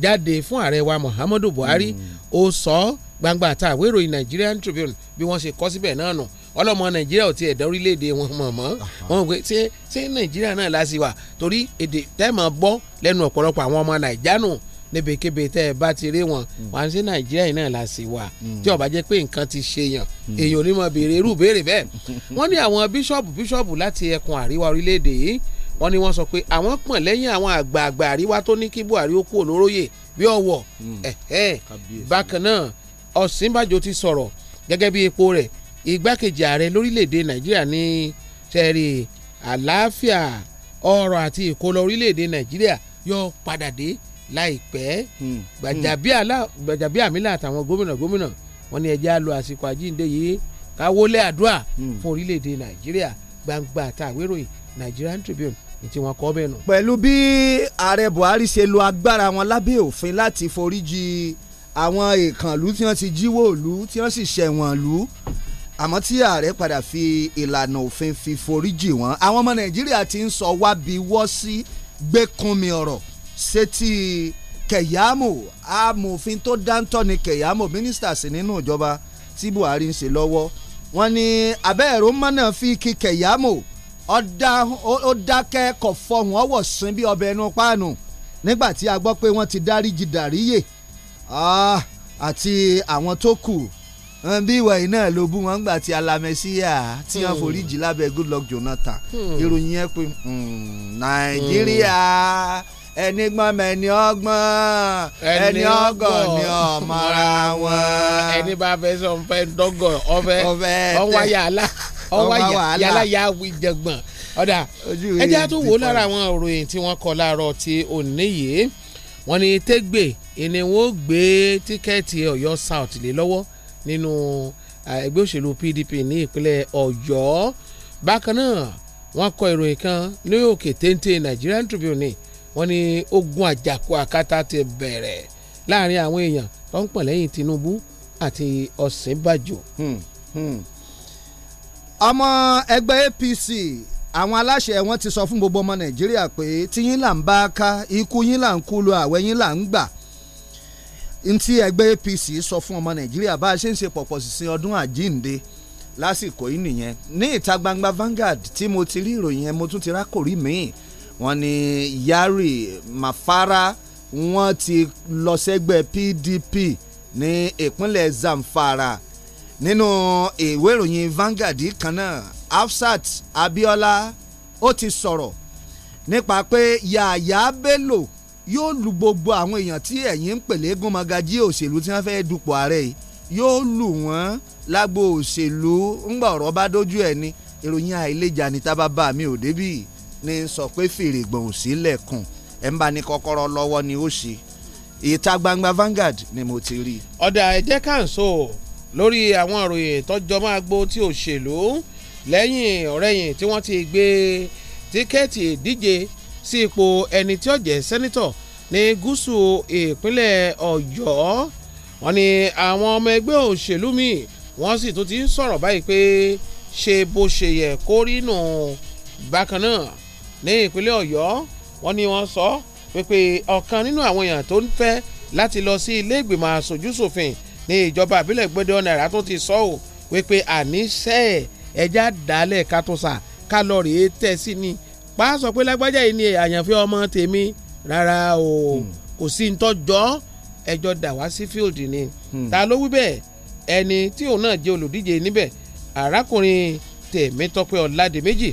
jáde fún ààrẹ wa Muhammadu Buhari hmm. ó sọ ọ́ gbangba àti àwé ìròyìn Nigerian Tribune bí wọ́n ṣe kọ́ síbẹ̀ náà nù ọlọ́mọ Nàìjíríà ò ti ẹ̀dá orílẹ̀-èdè wọn mọ̀ mọ́ wọn pé ṣé ṣé Nàìjíríà náà láti wà torí èdè tẹ́ẹ̀mọ̀ gbọ́ lẹ́nu ọ̀pọ̀lọpọ̀ àwọn ọmọ Nàìjánù níbikíbi tẹ́ ẹ bá ti rí wọn hmm. wà ní nàìjíríà yìí náà la sì wà hmm. tí ó bá jẹ́ pé nǹkan ti ṣe yàn èèyàn hmm. onímọ̀ béèrè irú béèrè bẹ́ẹ̀ wọ́n ní àwọn bíṣọ̀bù bíṣọ̀bù láti ẹkùn àríwá orílẹ̀-èdè yìí wọ́n ní wọ́n sọ pé àwọn pọ̀n lẹ́yìn àwọn àgbààgbà àríwá tó ní kí Buhari ó kú olóróyè bí ọ̀wọ̀ bákan náà Ọ̀sínbàjò ti sọ̀rọ̀ gẹ́gẹ́ bí ipò rẹ̀ igbákejì ààrẹ lórílẹ̀‐èdè Nàìjíríà ní sẹ́ẹ̀rì àlàáfíà ọrọ̀ àti ìkólọ orílẹ̀‐èdè Nàìjíríà yóò padà dé láìpẹ́ hmm. Gbajabiamila àtàwọn gómìnà gómìnà wọn ni ẹja lo àsìkò àjíǹde yìí káwọlé àdúrà hmm. fún orílẹ̀-èdè Nàìjíríà gbangba àtàwéròyìn Nigerian Tribune tí wọ́n kọ́ bẹ́ẹ̀ nù. pẹ̀lú bí ààrẹ Buhari ṣe lo agbára wọn lábẹ́ òfin láti foríjì àwọn ìkànnlú tí wọ́n ti jíwó ìlú tí wọ́n sì ṣẹ̀wọ̀n ìlú àmọ́ tí ààrẹ padà fi ìlànà òfin fi foríjì wọn àwọn ọmọ Nàìjíríà ti ń sọ wábi wọ́ sí gbẹ́kúnmi ọ̀rọ̀ sétí kẹ̀yàmù amòfin tó dáńtọ́ ni kẹ̀yàmù mínísítà sí nínú ìjọba tí Buhari ń ṣe lọ́wọ́ wọ́n ní abẹ́ẹ̀rọ mọ́nà fi kí kẹ̀yàmù ó dákẹ́ kọ̀ fọhùn ọwọ́ sin bí ọbẹ̀ ẹnu páànù nígbà tí a gbọ́ pé wọ́n ti dáríji dàríyè ah, àti àwọn tó kù bí ìwà yìí náà ló bú wọn gbà tí alamẹsíyà tí wọn hmm. foríjì lábẹ́ Goodluck Jonathan hmm. ìròyìn ẹ pé hmm, Nàìjíríà. Hmm ẹni gbọ́n mọ ẹni ọgbọ́n ẹni ọgọ̀ ni ọmọra wọn. ẹni bá fẹ́ sọ fẹ́ dọ́gọ̀ ọfẹ́ ọwọ́ yàrá ọwọ́ yàrá yà wí jẹ̀gbọ̀n ọ̀dà ẹjẹ́ tó wò lára àwọn òròyìn tí wọ́n kọ láàárọ̀ ti òní yìí wọ́n ní tẹ́gbẹ̀ ẹni wọ́n gbé tíkẹ́ẹ̀tì ọ̀yọ́ south lé lọ́wọ́ nínú ẹgbẹ́ òṣèlú pdp ní ìpínlẹ̀ ọ̀yọ́ bákan náà wọ́n kọ ìròyìn kan ní òkè téńté nigerian tribune wọ́n ní ogun àjàkú àkátá ti bẹ̀rẹ̀ láàrin àwọn èèyàn tó ń pọ̀ lẹ́yìn Tinubu àti Ọ̀sínbàjò. Hmm, hmm. ọmọ ẹgbẹ́ APC àwọn aláṣẹ wọn ti sọ fún gbogbo ọmọ Nàìjíríà pé tíyín là ń bá a ká ikú yín là ń kú lọ àwẹ̀ yín là ń gbà ntí ẹgbẹ́ APC sọ fún ọmọ Nàìjíríà bá a ṣe ń ṣe pọ̀pọ̀ sísìn ọdún àjínde lásìkò yìí nìyẹn ní ìta gbangba Vanguard tí mo ti rí ìròyìn yẹn mo tún ti rákòrí míì wọ́n ní Yari Mafara wọ́n ti lọ sẹ́gbẹ́ PDP ní ìpínlẹ̀ Zamfara nínú ìwé ìròyìn Vanguard kan náà afsat Abiola ó ti sọ̀rọ̀ nípa pé Yàyà Bello yóò lu gbogbo àwọn èèyàn tí ẹ̀yìn ń pèlè gúnmọ́gájí òṣèlú tí wọ́n fẹ́ dupò ààrẹ yìí yóò lù wọ́n lágbo òṣèlú ńgbà ọ̀rọ̀ bá dójú ẹ̀ ni ìròyìn àìlèjà ní tábàbà mi ò débìí ní sọ pé fèrègbọ̀n ò sí lẹ̀kùn ẹ̀ ń bá ní kọ́kọ́rọ́ lọ́wọ́ ni ó ṣe ìta gbangba Vanguard ni mo ti rí. ọ̀dà ẹ̀jẹ̀ kàǹso lórí àwọn ìròyìn tọ́jọ́ máa gbó tí òṣèlú lẹ́yìn ọ̀rẹ́yìn tí wọ́n ti gbé tíkẹ́ẹ̀tì ìdíje sí ipò ẹni tí ó jẹ́ sẹ́nítọ̀ ní gúúsù ìpínlẹ̀ Ọ̀yọ́ wọ́n ní àwọn ọmọ ẹgbẹ́ òṣèlú míì wọ́n sì tún ti ń sọ̀rọ̀ báyìí pé ṣe bó ṣe yẹ kó rí nù bákan náà ní ìpínlẹ̀ ọ̀yọ́ wọ́n ní wọ́n sọ pé ọ̀kan nínú àwọn èèyàn tó ń fẹ́ láti lọ sí ilé ìgbìmọ̀ aṣojúṣòfin ní ìjọba àbílẹ̀ gbẹ́dẹ́ ọ̀nà ìrà tó ti sọ ò wípé àníṣe ẹja dálẹ̀ katosa kálọ̀rì tẹ̀ sí ni pa sọ pé lágbájá yìí ni àyànfẹ́ ọmọ tèmi rárá o hmm. kò sí ntọ́jọ́ ẹjọ́ dà wá sí field ni hmm. ta ló wí bẹ́ẹ̀ ẹni tí òun náà jẹ́ olùdíje níbẹ̀ arákùnrin Tèmítọ́pẹ́ Ọládèméjì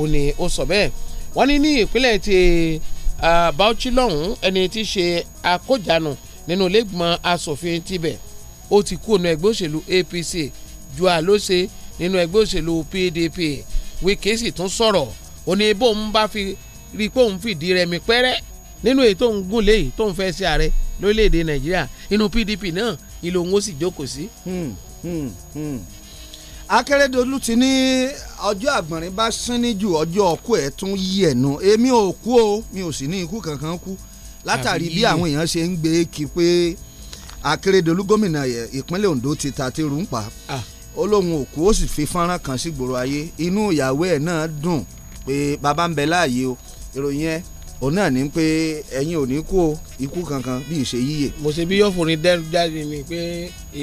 òní ó sọ bẹ́ẹ̀ wọ́n ní ní ìpínlẹ̀ ti Bauchi lọ́hùn-ún ẹni tí í ṣe akójànù nínú ilégbìmọ̀ asòfin tibẹ̀ ó ti kú ònà ẹgbẹ́ òṣèlú APC ju àlóṣe nínú ẹgbẹ́ òṣèlú PDP Wike sì tún sọ̀rọ̀ ó ní bóun bá fi rí i pé òun fìdí rẹmi pẹ́rẹ́ nínú èyí tó ń gùn léyìí tó ń fẹ́ ṣe ààrẹ lórílẹ̀‐èdè Nàìjíríà inú PDP náà ìlò òun ó sì jókòó sí. Hmm, hmm, hmm. Akérédolú ti ní ọjọ́ àgbọ̀nrín bá sín níjù ọjọ́ ọkú ẹ̀ tún yí ẹ̀nu èmi ò kú o mi ò sì ní ikú kankan kú látàrí bí àwọn èèyàn ṣe ń gbé kí pé akérèdọ́lù gómìnà ìpínlẹ̀ Ondo ti ta ti rùn pa ó lóun ò kú ó sì fi fọ́nrán kan sí gbòòrò ayé inú ìyàwó ẹ̀ náà dùn pé bàbá ń bẹ láàyè o ìròyìn ẹ̀ òun náà ní pé ẹ̀yin ò ní kú o ikú kankan bí ìṣe yíyè. mo ṣe bí yóò forin dẹ́rù jáde ni pé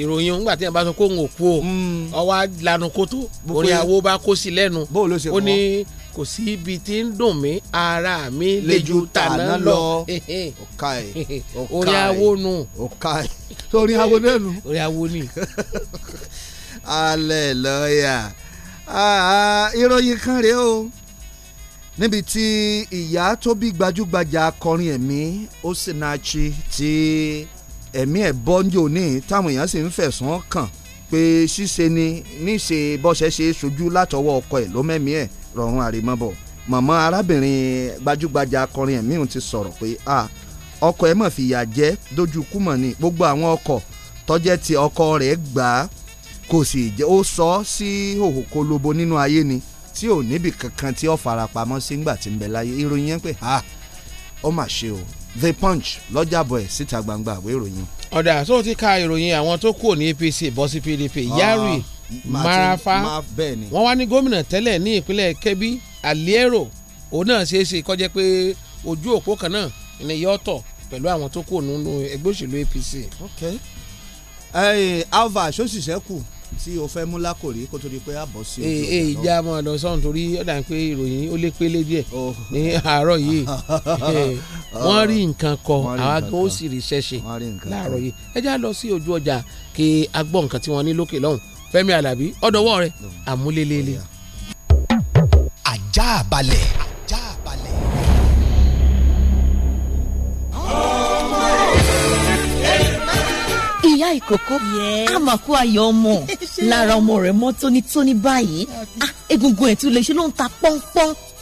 ìròyìn ńgbà tí ẹ bá sọ kó ń òkú o ọwọ́ hmm. lanu kótó orí awo bá kó sí lẹ́nu ó ní kò sí ibi tí ń dùn mí ara mi lejú tàná lọ ọ̀ka ẹ̀ orí awo nù ọ̀ka ẹ̀ orí awo náà nù orí awo ni. hallelujah ah, ah, ìròyìn kan rèé o níbi tí ìyá tó bí gbajúgbajà akọrin ẹ̀mí Osinachi tí ẹ̀mí ẹ̀ bọ́njò ní táwọn èèyàn sì ń fẹ̀sùn kàn pé ṣíṣe ni níṣe bọ́sẹ̀ ṣe ṣojú látọwọ́ ọkọ ẹ̀ ló mẹ́mí ẹ̀ rọrùn àrèmọ́bọ̀ màmá arábìnrin gbajúgbajà akọrin ẹ̀mí ọ̀hún ti sọ̀rọ̀ pé a ọkọ ẹ̀ mọ̀ fìyà jẹ́ dojú kú mọ̀ ni gbogbo àwọn ọkọ̀ tọ́jẹ́ ti ọkọ rẹ̀ gbà á kò sì jẹ́ ó sọ sí hòhò kólóbo nínú ayé ni tí ò níbì kankan tí ó farapamọ́ sí ngbà tí ń bẹ láyé ìròyìn yẹn pé ha ó mà ṣe o the punch lọ́jàbọ̀ ẹ̀ síta gbangba àwé ìròyìn. ọ̀dà tó ti ka ìròyìn àwọn tó kù ní APC bọ́ sí PDP ah, Yari Marafa wọ́n wá ní gómìnà tẹ́lẹ̀ ní ìpínlẹ̀ Kebbi Aliero òun náà ṣeé ṣe kọjá pé ojú òpó kan náà ni yóò tọ̀ pẹ̀lú àwọn tó kù nínú ẹgbẹ́ òṣèlú APC. ok Hey, eh, Alva sọ́sìṣẹ́ kù tí o fẹ́ mú lákòrí kó tó di pé a bọ̀ sí ojú ọ̀dọ́. ee ìjà mọ̀ ọ̀dọ̀ sọ̀rọ̀ torí ó dà ń pé ìròyìn ó lé pélé díẹ̀ oh. ní àárọ̀ yìí wọ́n rí nǹkan kọ àwa gan ó sì rí ṣẹ́ṣe láàárọ̀ yìí ẹ já lọ sí ojú ọjà kí a gbọ́ nǹkan tí wọ́n ní lókè lọ́hùn Fẹ́mi Alábí ọ̀dọ̀wọ́ rẹ̀ oh. àmúlélẹ́lẹ́. àjà balẹ̀. ìyá ìkókó á máa kó ayọ̀ ọmọ lára ọmọ rẹ̀ mọ́ tónítóní báyìí ah, egungun ẹ̀ tún lè ṣe ló ń ta pọ́npọ́n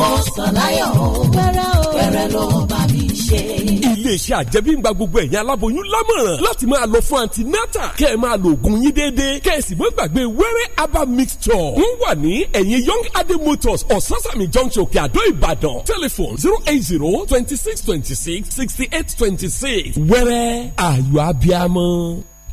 pásítọ̀ láyọ̀ wẹ́rẹ́ o wẹ́rẹ́ ló bá mi ṣe. iléeṣẹ́ àjẹmíngba gbogbo ẹ̀yin aláboyún lámọ̀ràn láti máa lọ fún antinata kẹ́ ẹ máa lo oògùn yín déédéé kẹ́ ẹ sì mọ́ gbàgbé wẹ́rẹ́ herbal mixture wọ́n wà ní ẹ̀yìn young adé motors ososami junction òkè àdó ìbàdàn telephone zero eight zero twenty six twenty six sixty eight twenty six wẹ́rẹ́ ayọ̀ abiamọ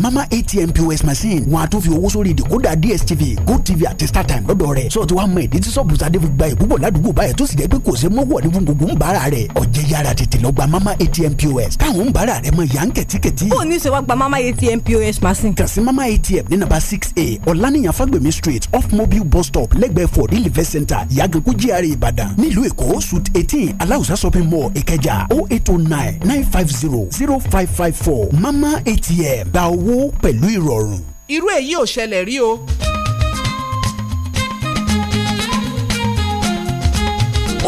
mama atm pos machine wọn a tún fi owó sórí ìdìkúdà dstv gotv àti startime lọ́dọ̀ rẹ̀ sọ ti wá mọ ìdí tí sọ́ọ̀bù sadé fi gba ìbúbọ̀ ládùúgbò báyẹn tó sì jẹ́ pé kò ṣe mọ́wọ́ ní gbogbo ń bára rẹ̀ ọ̀jẹ̀ yára tètè lọ gba mama atm pos táwọn ń bára rẹ̀ mọ yà ń kẹ̀tíkẹ̀tí. ó ní ṣe wá gba mama atm pos machine. kàn sí mama atm ní nàbà six a ọ̀lànìyàn fagbemi street off mobile bus stop lẹ́gbẹ̀ẹ́ for delivery center yàgànkú gr ìbàdàn nílùú èkó suit eighteen aláùsá shopping mall ìkẹjà o oh eight o oh nine nine five zero zero five five four mama atm gba owó owó pẹ̀lú ìrọ̀rùn. irú èyí ò ṣẹlẹ̀ rí o.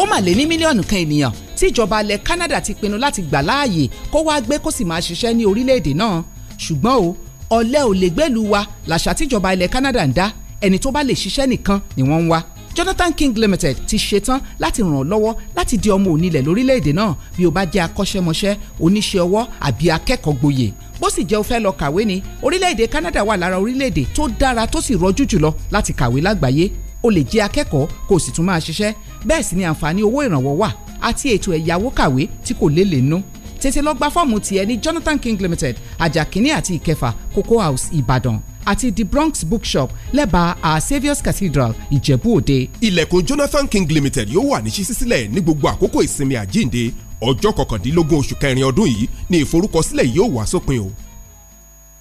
ó mà lé ní mílíọ̀nù kan ènìyàn tí ìjọba ilẹ̀ Canada ti pinnu láti gbà láàyè kó wá gbé kó sì máa ṣiṣẹ́ ní orílẹ̀-èdè náà ṣùgbọ́n o ọ̀lẹ́ ò lè gbẹ́lu wa làṣà tíjọba ilẹ̀ Canada ń dá ẹni tó bá lè ṣiṣẹ́ nìkan ni wọ́n ń wá Jonathan King Limited ti ṣetán láti ràn ọ́ lọ́wọ́ láti di ọmọ onílẹ̀ lórílẹ̀‐èdè náà bí o bá jẹ́ akọ́ṣẹ́mọṣẹ́ oníṣẹ́ ọwọ́ àbí akẹ́kọ̀ọ́ gboyè bó sì jẹ́ o fẹ́ lọ kàwé ní orílẹ̀‐èdè Canada wà lára orílẹ̀‐èdè tó dára tó sì rọjú jùlọ láti kàwé lágbàáyé o lè jẹ́ akẹ́kọ̀ọ́ kó o sì tún máa ṣiṣẹ́ bẹ́ẹ̀ sì ni àǹfààní owó ìrànwọ́ wà àti ètò ẹ̀yáwó kàwé tí kò lélẹ̀ nú tètè lọ gba fọ́ọ̀mù tiẹ̀ ní Jonathan King Limited àjàkíní àti ìkẹfà Cocoa House Ìbàdàn 0800 àti the bronx bookshop lẹ́bàá our saviour's cathedral ìjẹ̀bú òde. ilẹ̀kùn jonathan king limited yóò wà ní ṣíṣí sílẹ̀ ní gbogbo àkókò ìsinmi àjíǹde ọjọ́ kọkàndínlógún oṣù kẹrin ọdún yìí ni ìforúkọsílẹ̀ yóò wá sópin o.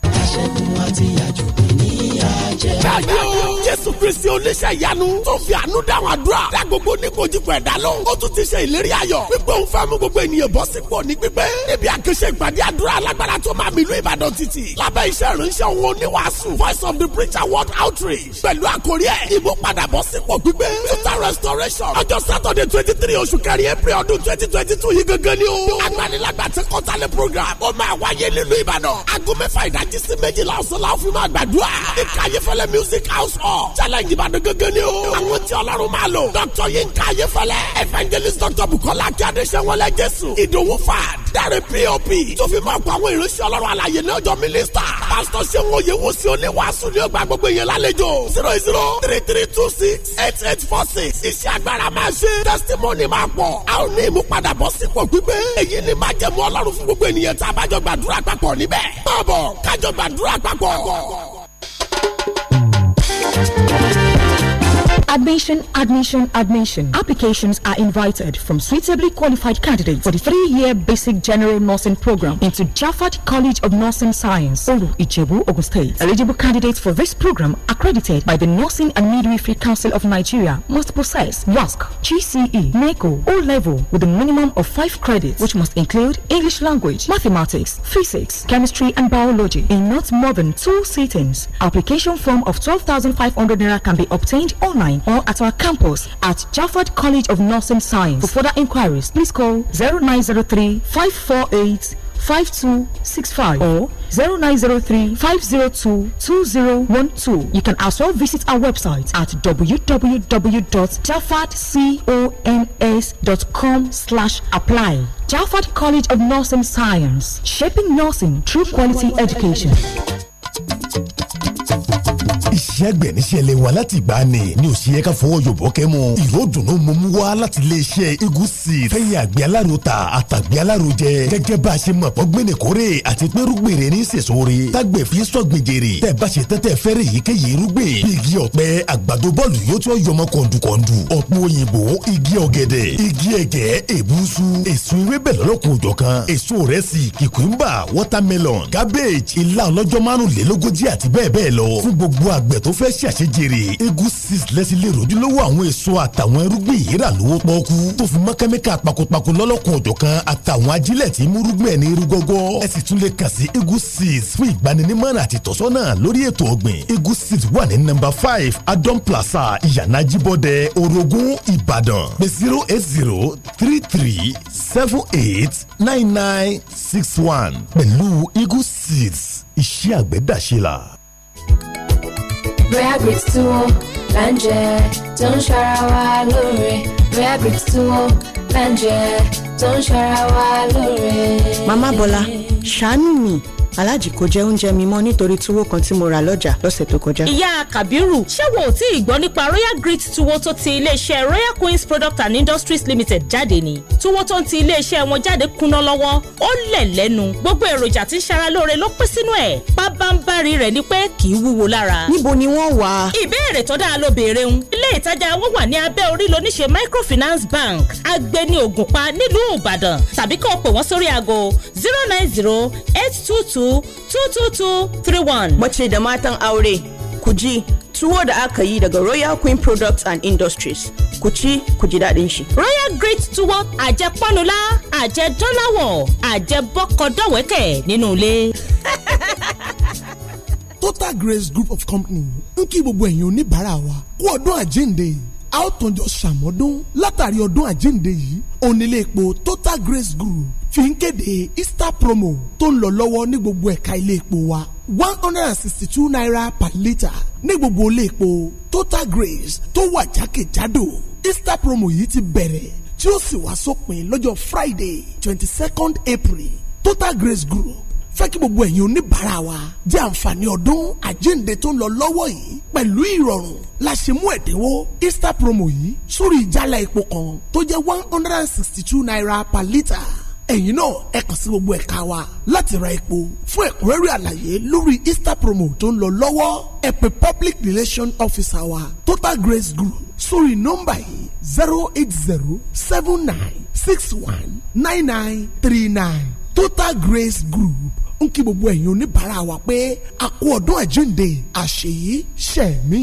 àṣẹkùn kristi oníṣẹ́ ìyanu tó fi àánú dáhùn àdúrà lágbogbo nípojúpọ̀ ẹ̀dá lọ. ó tún ti ṣe ìlérí ayọ̀ pípé òun fẹ́ mú gbogbo ènìyàn bọ́ sípò ní pípé. níbi àkẹ́ṣe ìpàdé àdúrà alágbára tó máa mìlú ìbàdàn títì lábẹ́ iṣẹ́ ìránṣẹ́ òun oníwàásù voice of the preacher world outreach pẹ̀lú àkórí ẹ̀ ìmúpadàbọ̀ sípò gbígbé total restoration ọjọ́ saturday twenty three oṣù kẹrin april ọdún twenty twenty two yìí gangan ni o. agbanilagbà ti kọ́tàlẹ̀ program ó máa wáyé nílùú ìbàdàn aago mẹ́fà ìdájí sí méjìlá ọ̀sán la ó fi máa music house hall ìṣẹ̀lẹ̀ ìdìbàdàn gẹ́gẹ́ ni o. àwọn tí ọlọ́run máa lò. dọ́kítọ̀ Yinka Ayéfẹ́lẹ́. evangelist dọ́kítọ̀ Bukola akíndéṣẹ́wọlé jésù. ìdòwú fad. dáre pop. tó fi máa pa àwọn ìránṣẹ́ ọlọ́run àlàyé ní ọjọ́ mínísítà. pásítọ̀ sẹ́wọ̀n òyìnbó sí oníwàásù ní ọgbà gbogbo èèyàn lálejò. zero zero three three two six eight eight four six. iṣẹ́ agbára máa ṣe. testimony máa pọ̀. a ò ní ìmúpadàbọ̀ sípò gbígbé. èyí ni máa jẹ́ mọ́ ọlọ́run fún gbogbo ènìyàn tá a bá jọ gbàdúrà papọ̀ níbẹ̀. bọ́ọ̀bọ̀ kájọ gbàdúrà papọ̀. Admission, admission, admission. Applications are invited from suitably qualified candidates for the three-year basic general nursing program into Jaffat College of Nursing Science, Ijebu, Ogun State. Eligible candidates for this program accredited by the Nursing and Midwifery Council of Nigeria must possess WASC, GCE, NECO, O level with a minimum of five credits, which must include English language, mathematics, physics, chemistry, and biology in not more than two sittings. Application form of 12,500 naira can be obtained online or at our campus at Jafford College of Nursing Science. For further inquiries, please call 0903 548 5265 or 0903 502 2012. You can also visit our website at wwwjaffordconscom slash apply. Jafford College of Nursing Science, shaping nursing through quality education. iṣẹ́ àgbẹ̀ níṣẹ́lẹ̀ wa láti gbà ni ni ò sì yẹ ká fọwọ́ yòbọ̀ kẹ́ mu. ìró dùnú mo mú wá láti ilé iṣẹ́ igun seed fẹ́yìn àgbẹ̀ aláró ta àtàgbẹ̀ aláró jẹ. gẹ́gẹ́ bá a ṣe mọ̀ pọ́ gbẹ̀nẹ̀ kórè àti pé rúgbèrè ní sèṣore tágbẹ̀ fi sọ̀gbìn jèrè tẹ́ bá ṣe tẹ́tẹ́ fẹ́rẹ̀ èyíkéyìí rúgbìn. igi ọ̀pẹ àgbàdo bọ́ọ̀lù yóò tún yọmọ kọ̀ǹdùkọ̀ǹdù ọ̀pọ̀ igi ọ̀gẹ̀dẹ̀ igi ẹ̀gẹ́ èbúsú èso ewébẹ̀ lọ́lọ́kùn òjọ̀kan èso rẹ̀sì kìkùmbà watermelon cabbage ilá ọlọ́jọ́ márùnlélógójì àti bẹ́ẹ̀ bẹ́ẹ̀ tó fẹ́ ṣàṣe jèrè egu six lẹ́sílẹ̀ rojúlówó àwọn èso àtàwọn irúgbìn ìyẹ́rà lówó pọ́ọ́kú tó fi mọ́ kẹ́míkà pakopako lọ́lọ́kun òjọ̀kan àtàwọn ajílẹ̀ tí mú irúgbìn ẹni irú ẹ sì tún lè kàn sí egu six fún ìgbaninímọ̀ràn àti ìtọ́sọ́nà lórí ètò ọ̀gbìn egu six wà ní nọ́mbà five Adam plaza ìyànà jíbọ̀dẹ orogún ìbàdàn pé zero eight zero three three seven eight nine nine six one pẹ̀lú egu six iṣẹ́ àgbẹ̀dàṣe la. Rare Bricks tí wọ́n là ń jẹ tó ń ṣara wa lóore. Rare Bricks tí wọ́n là ń jẹ tó ń ṣara wa lóore. Màmá Bọ́lá ṣàánú mi aláàjì kò jẹ oúnjẹ mi mọ́ nítorí túwó kan tí mo rà lọ́jà lọ́sẹ̀ tó kọjá. ìyá kàbírù ṣé wo ò tí ì gbọ́ nípa royal grit túwó tó ti iléeṣẹ́ royal queens product and industries limited jáde ni túwó tó ń ti iléeṣẹ́ wọn jáde kuná lọ́wọ́ ó lẹ̀ lẹ́nu gbogbo èròjà tí ń ṣara lóore ló pín sínú ẹ̀ pábánbárì rẹ̀ ni pé kì í wúwo lára. níbo ni wọ́n wà. ìbéèrè tó dáa ló béèrè ń ilé ìtajà wọn wà ní abẹ́ orí lóníṣe microfinance bank agbẹni ògùnpá nílùú ìbàdàn tàbí kó o pè wọ́n sórí aago zero nine zero eight two two 0222 Mace da matan aure, ku ji tuwo da aka yi daga Royal Queen Products and Industries. Ku ci, ku ji daɗin shi. Royal Great Tuwo àjẹ Pánulá, àjẹ Dọ́láwọ̀, àjẹ Bọ́kọ̀dọ̀wẹ́kẹ̀ nínú ilé. Total Grace Group of Company ń kí gbogbo ẹ̀yin oníbàárà wa kú ọdún àjíǹde a ó tún jọ ṣàmọ́dún látàrí ọdún àjíǹde yìí onílé epo Total Grace Group fi ń kéde Easter promo tó ń lọ lọ́wọ́ ní gbogbo ẹ̀ka ilé epo wa one hundred and sixty two naira per litre ní gbogbo ilé epo Total Grace tó wà jákèjádò Easter promo yìí ti bẹ̀rẹ̀ tí ó sì wá sópin lọ́jọ́ Friday twenty second April Total Grace Group fẹ́ kí gbogbo ẹ̀yin oníbàárà wa jẹ́ àǹfààní ọdún àjíǹde tó ń lọ lọ́wọ́ yìí pẹ̀lú ìrọ̀rùn la ṣe mú ẹ̀dínwó Easter promo yìí sórí ìjálá epo kan tó jẹ́ one hundred and sixty two naira per litre ẹ̀yin náà ẹ kàn sí gbogbo ẹ̀ka wa láti ra epo fún ẹ̀kúnrẹ́rẹ́ àlàyé lórí Easter promo tó ń lọ lọ́wọ́ ẹ pè public relations officer wa Total Grace Group sórí nọ́mbà yìí zero eight zero seven nine six one nine nine three nine Total Grace Group ń kí gbogbo ẹ̀yin oníbàárà wa pé a kú ọdún àjíǹde àṣeyí ṣẹ̀mí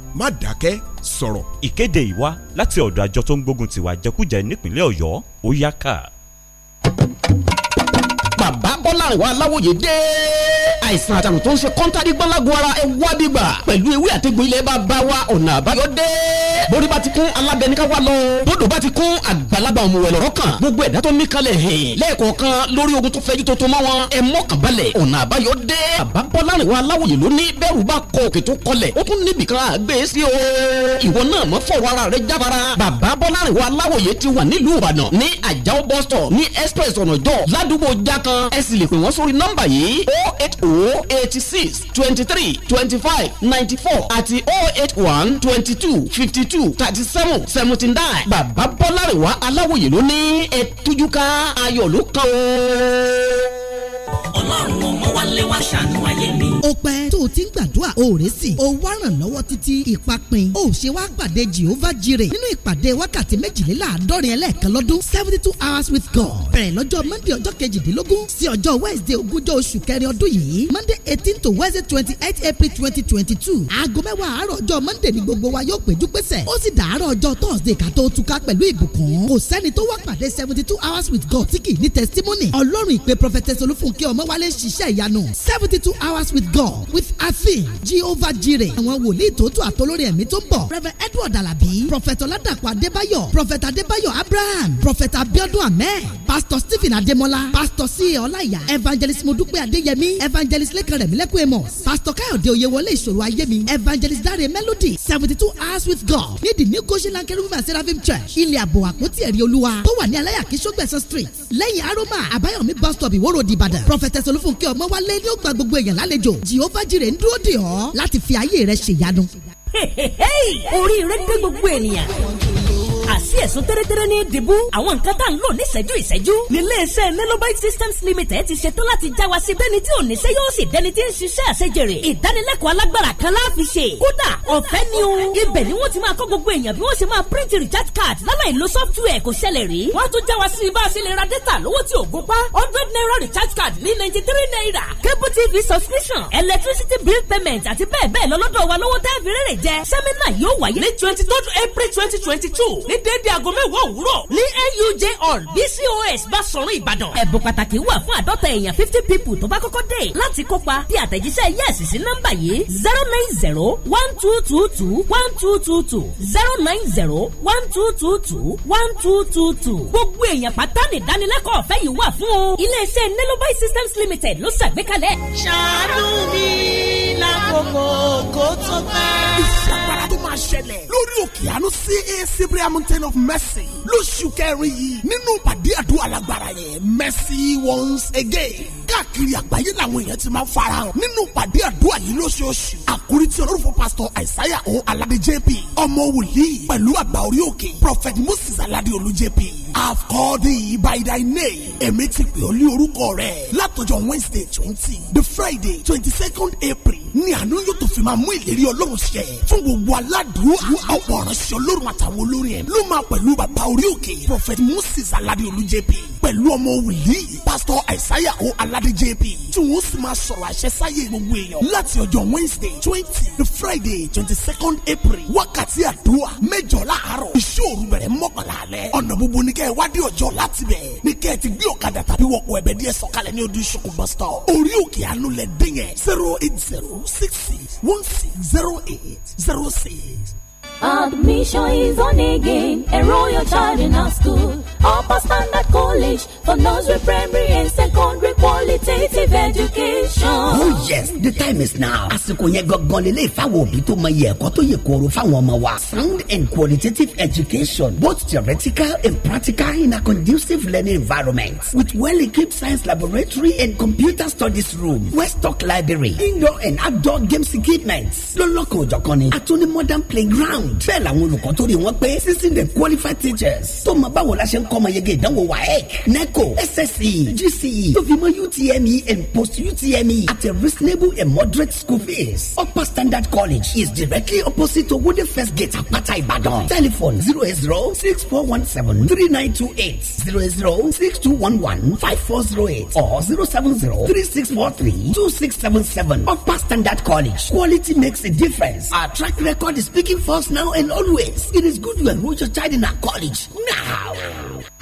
má dákẹ́ sọ̀rọ̀. ìkéde yìí wá láti ọ̀dọ̀ àjọ tó ń gbógun tiwa jẹkújẹ nípínlẹ̀ ọ̀yọ́ ó yá ká táwọn aláwòye dé àìsàn àtàrùn tó ń ṣe kọ́ńtàdì gbọ́lágun ara ẹ wá bí gbà pẹ̀lú ewé àtẹ̀gbọ́ ilẹ̀ bá bá wa ọ̀nà àbáyọ dé. bórí bá ti kún alábẹ́níká wa lọ bódò bá ti kún àgbàlagbà ọ̀mùwẹ̀ lọ́rọ́ kan gbogbo ẹ̀dá tó mí kalẹ̀ hẹ̀ lẹ́ẹ̀kọ̀ọ̀kan lórí ogun tó fẹ́jú tó tó mọ́ wọn ẹ mọ́kàn balẹ̀ ọ̀nà àbáyọ dé. àbábọ́lárin wa aláwòye lóní bẹ́ẹ̀rù bá kọ òkè tó kọlẹ̀ ó tún níbì kan àgbẹ̀ sí o. ìwọ náà mọ fọwọ́ ara rẹ jábára bàbá bọ́lárin wa aláwòye ti wà nílùú ìbàdàn ní àjàó bus ní express ọ̀nà jọ ládùúgbò já kan ẹ wọ́n sórí nọ́mbà yìí o oh eight o oh eighty six twenty three twenty five ninety four àti o oh eight one twenty two fifty two thirty seven seventy nine bàbá bọ́lárẹ̀wá aláwòye ló ní ẹ̀ tójú ká ayọ̀ ló kàn ó ọlọ́run ọmọ wálé wá ṣàánú ayé mi. ó pẹ́ tó o ti ń gbàdúrà o rè sí o wá ràn lọ́wọ́ títí ìpapin o ṣe wá pàdé Jehovah jire nínú ìpàdé wákàtí méjìléláàádọ́rin ẹlẹ́ẹ̀kan lọ́dún seventy two hours with God bẹ̀rẹ̀ lọ́jọ́ Monday ọjọ́ kejìdínlógún sí ọjọ́ wẹ́ wednesday ogúnjọ́ oṣù kẹrin ọdún yìí monday eighteen to wednesday twenty eight april twenty twenty two aago mẹ́wàá àárọ̀ ọjọ́ monday ni gbogbo wa yóò péjú pésẹ̀ ó sì dàárọ̀ ọjọ́ thursday ká tó túká pẹ̀lú ìbùkún kò sẹ́ni tó wá pàdé seventy two hours with god tí kì í ní testimony ọlọ́run ìpè prophetess olúfúnkẹ́ ọmọwálé ṣiṣẹ́ ìyanu seventy two hours with god with afin jehovah jireh àwọn wòlíì tó tún àtolórí ẹ̀mí tó ń bọ̀ reverend edward alabi prophet ọládàpọ̀ adébáyọ̀ prophet adébáyọ̀ abraham prophet abiodun ahmed pastor stephen adémọlá pastor c ọláìyá evangelist modúpẹ́ adéyẹmí evangelist lẹ́kan rẹ̀ pastor káyọ̀dé oyèwọlé ìṣòro ayé evangelist Dare melody seventy two hours with god ní the new goshen land kérúbù and seraphim church ilé àbò àpótí ẹ̀rí olúwa tó wà ní aláyàkí sógbẹ̀sán street lẹ́yìn aroma àbáyọ̀mí bus stop ìwó road ìbàdàn prophetess olúfúnkẹ́ ọmọwálé ni ó gba gbogbo èèyàn lálejò jehovah jireh ń dúró dè ọ́ láti fi ayé rẹ̀ ṣèyanu. oríire dé gbogbo ènìyàn àṣì ẹ̀sùn tẹ́rẹ́tẹ́rẹ́ ní dìbú àwọn nǹkan tá à ń lò ní ìṣẹ́jú ìṣẹ́jú níléeṣẹ́ nelobite systems limited ti ṣetán láti já wa sí bẹ́ni tí ò níṣẹ́ yóò sì dẹni tí ń ṣiṣẹ́ àṣejèrè ìdánilẹ́kọ̀ọ́ alágbára kan láàfin ṣe kódà ọ̀fẹ́ ni o ibẹ̀ ni wọ́n ti máa kọ́ gbogbo èèyàn bí wọ́n ṣe máa print recharge card láláì lo software kò ṣẹlẹ̀ rí wọ́n tún já wa sí ibà sí lè hundred naira recharge card ní ninety three naira cable tv subscription electricity bill payment àti bẹ́ẹ̀ bẹ́ẹ̀ lọ́lọ́dọ̀ wa lọ́wọ́ tẹ́ẹ̀ fi rẹ́rẹ̀ twenty two april twenty twenty two ní dédé aago mẹ́wàá òwúrọ̀ ní NUJ hall BCOS Basọ̀run Ìbàdàn. ẹ̀bùn pàtàkì wà fún àádọ́ta èèyàn fifty people tó bá kọ́kọ́ dé láti kópa bí àtẹ̀jíṣẹ́ yẹ́ẹ̀sì sí nọ́mbà yìí zero nine zero one two two two one two two two zero nine zero one two two two one two two two. gbogbo èèyàn pátá ní ìdánilẹ́kọ̀ọ́ ọ̀fẹ́ yìí wà fún o. iléeṣẹ́ Nelobai Systems Limited ló ṣàgbékalẹ̀. ṣàánú mi lákòókò kó tó pẹ́. ìṣàpàdà tó máa ṣẹlẹ̀ lórí òkè àánú CAC Bria Mountain of Mercy lóṣù kẹrin yìí nínú pàdé àdúrà lágbára yẹn Mercy once again káàkiri àgbáyé làwọn èèyàn ti máa farahàn nínú pàdé àdúrà yìí lóṣooṣù àkórí tí olórúfo pásítọ̀ àìsáyà o aládé jp ọmọ wòlíì pẹ̀lú àgbà orí òkè prophet moses aládé olú jp i've called thee by thy name èmi ti pè ọ́ lé orúkọ rẹ̀ látọjọ́ wednesday twenty the friday twenty second april ni àánú yóò tó fi máa mú ìlérí ọlọ́run ṣẹ fún gbogbo aládùúgbò àwọn ọ̀ránṣẹ́ ọlọ́run àtàwọn olórin ẹ̀ ló máa pẹ̀lú bàbá orí òkè prophet moses aládé olú jp pẹ̀lú ọmọ wòlíì pastor isaiah o aládé jp tí wọ́n sì máa sọ̀rọ̀ àṣẹ sáyé gbogbo èèyàn láti ọjọ́ wednesday twenty to friday twenty second april wákàtí àdúrà mẹ́jọ láàárọ̀ ìṣòro bẹ̀rẹ̀ mọ́kànlá alẹ́ ọ̀nà gbogbo ní kẹ́ ẹ wádìí ọjọ́ láti bẹ̀ ní kẹ́ ẹ ti gbé ọ̀kadà tàbí wọkọ̀ ẹ̀bẹ̀ díẹ̀ sọ̀kalẹ̀ ní odi ìṣokùn bus orí òkè àánú lẹ̀ dín yẹn zero eight zero six six one six zero eight zero six Admission is on again. Enroll your child in our school. Upper Standard College for nursery, primary, and secondary qualitative education. Oh yes, the time is now. Àsìkò yẹn gangan lélẹ̀ ìfáwọ̀ òbí tó mọ iye ẹ̀kọ́ tó yẹ kóró fáwọn ọmọ wa. Sound and qualitative education, both theoretical and practical in a conducive learning environment with well-equipped science laboratory and computer studies room, Westock library, indoor and outdoor games equipment. Lọ́lọ́kan òjọ̀kan jokoni, àtúní modern playground good. bẹ́ẹ̀ làwọn olùkọ́ tó rí wọn pé sixteen de qualified teachers tó mọ báwo la ṣe ń kọ́mọ yege ìdánwò waec neco sse gce tó fi mọ utme and post utme at a reasonable and moderate school fees. upper standard college is directly opposite to wode first gate apata ibadan. telephone zero eight zero six four one seven three nine two eight zero eight zero six two one one five four zero eight or zero seven zero three six four three two six seven seven upper standard college quality makes a difference our track record is speaking for us now. now and always. It is good you enroll your child in a college now.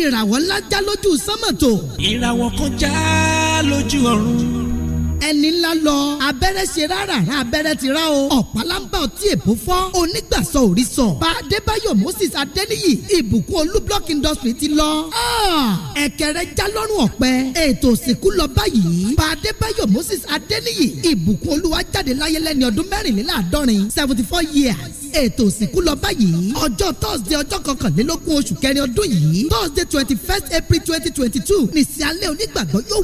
ìràwọ̀ ńlá já lójú sánmọ̀tò. ìràwọ̀ kan já lójú ọ̀run ẹni ńlá lọ abẹ́rẹ́ ṣe rárá abẹ́rẹ́ ti rá o ọ̀pálámbà ọtí èbó fọ́ onígbàsọ òrìṣọ bá adébáyọ̀ moses adéníyì ìbùkún olú block industry ti lọ ah! ẹ̀kẹ́rẹ́ jálọ́rùn ọ̀pẹ ètò òsìnkú lọ báyìí bá adébáyọ̀ moses adéníyì ìbùkún olúwa jáde láyé lẹ́ni ọdún mẹ́rìnléláàádọ́rin seventy four years ètò òsìnkú lọ báyìí ọjọ́ thursday ọjọ́ kọkànlélógún oṣù kẹrin ọdún yìí thursday twenty first april twenty twenty two nìsí alẹ́ onígbàgbọ́ yóò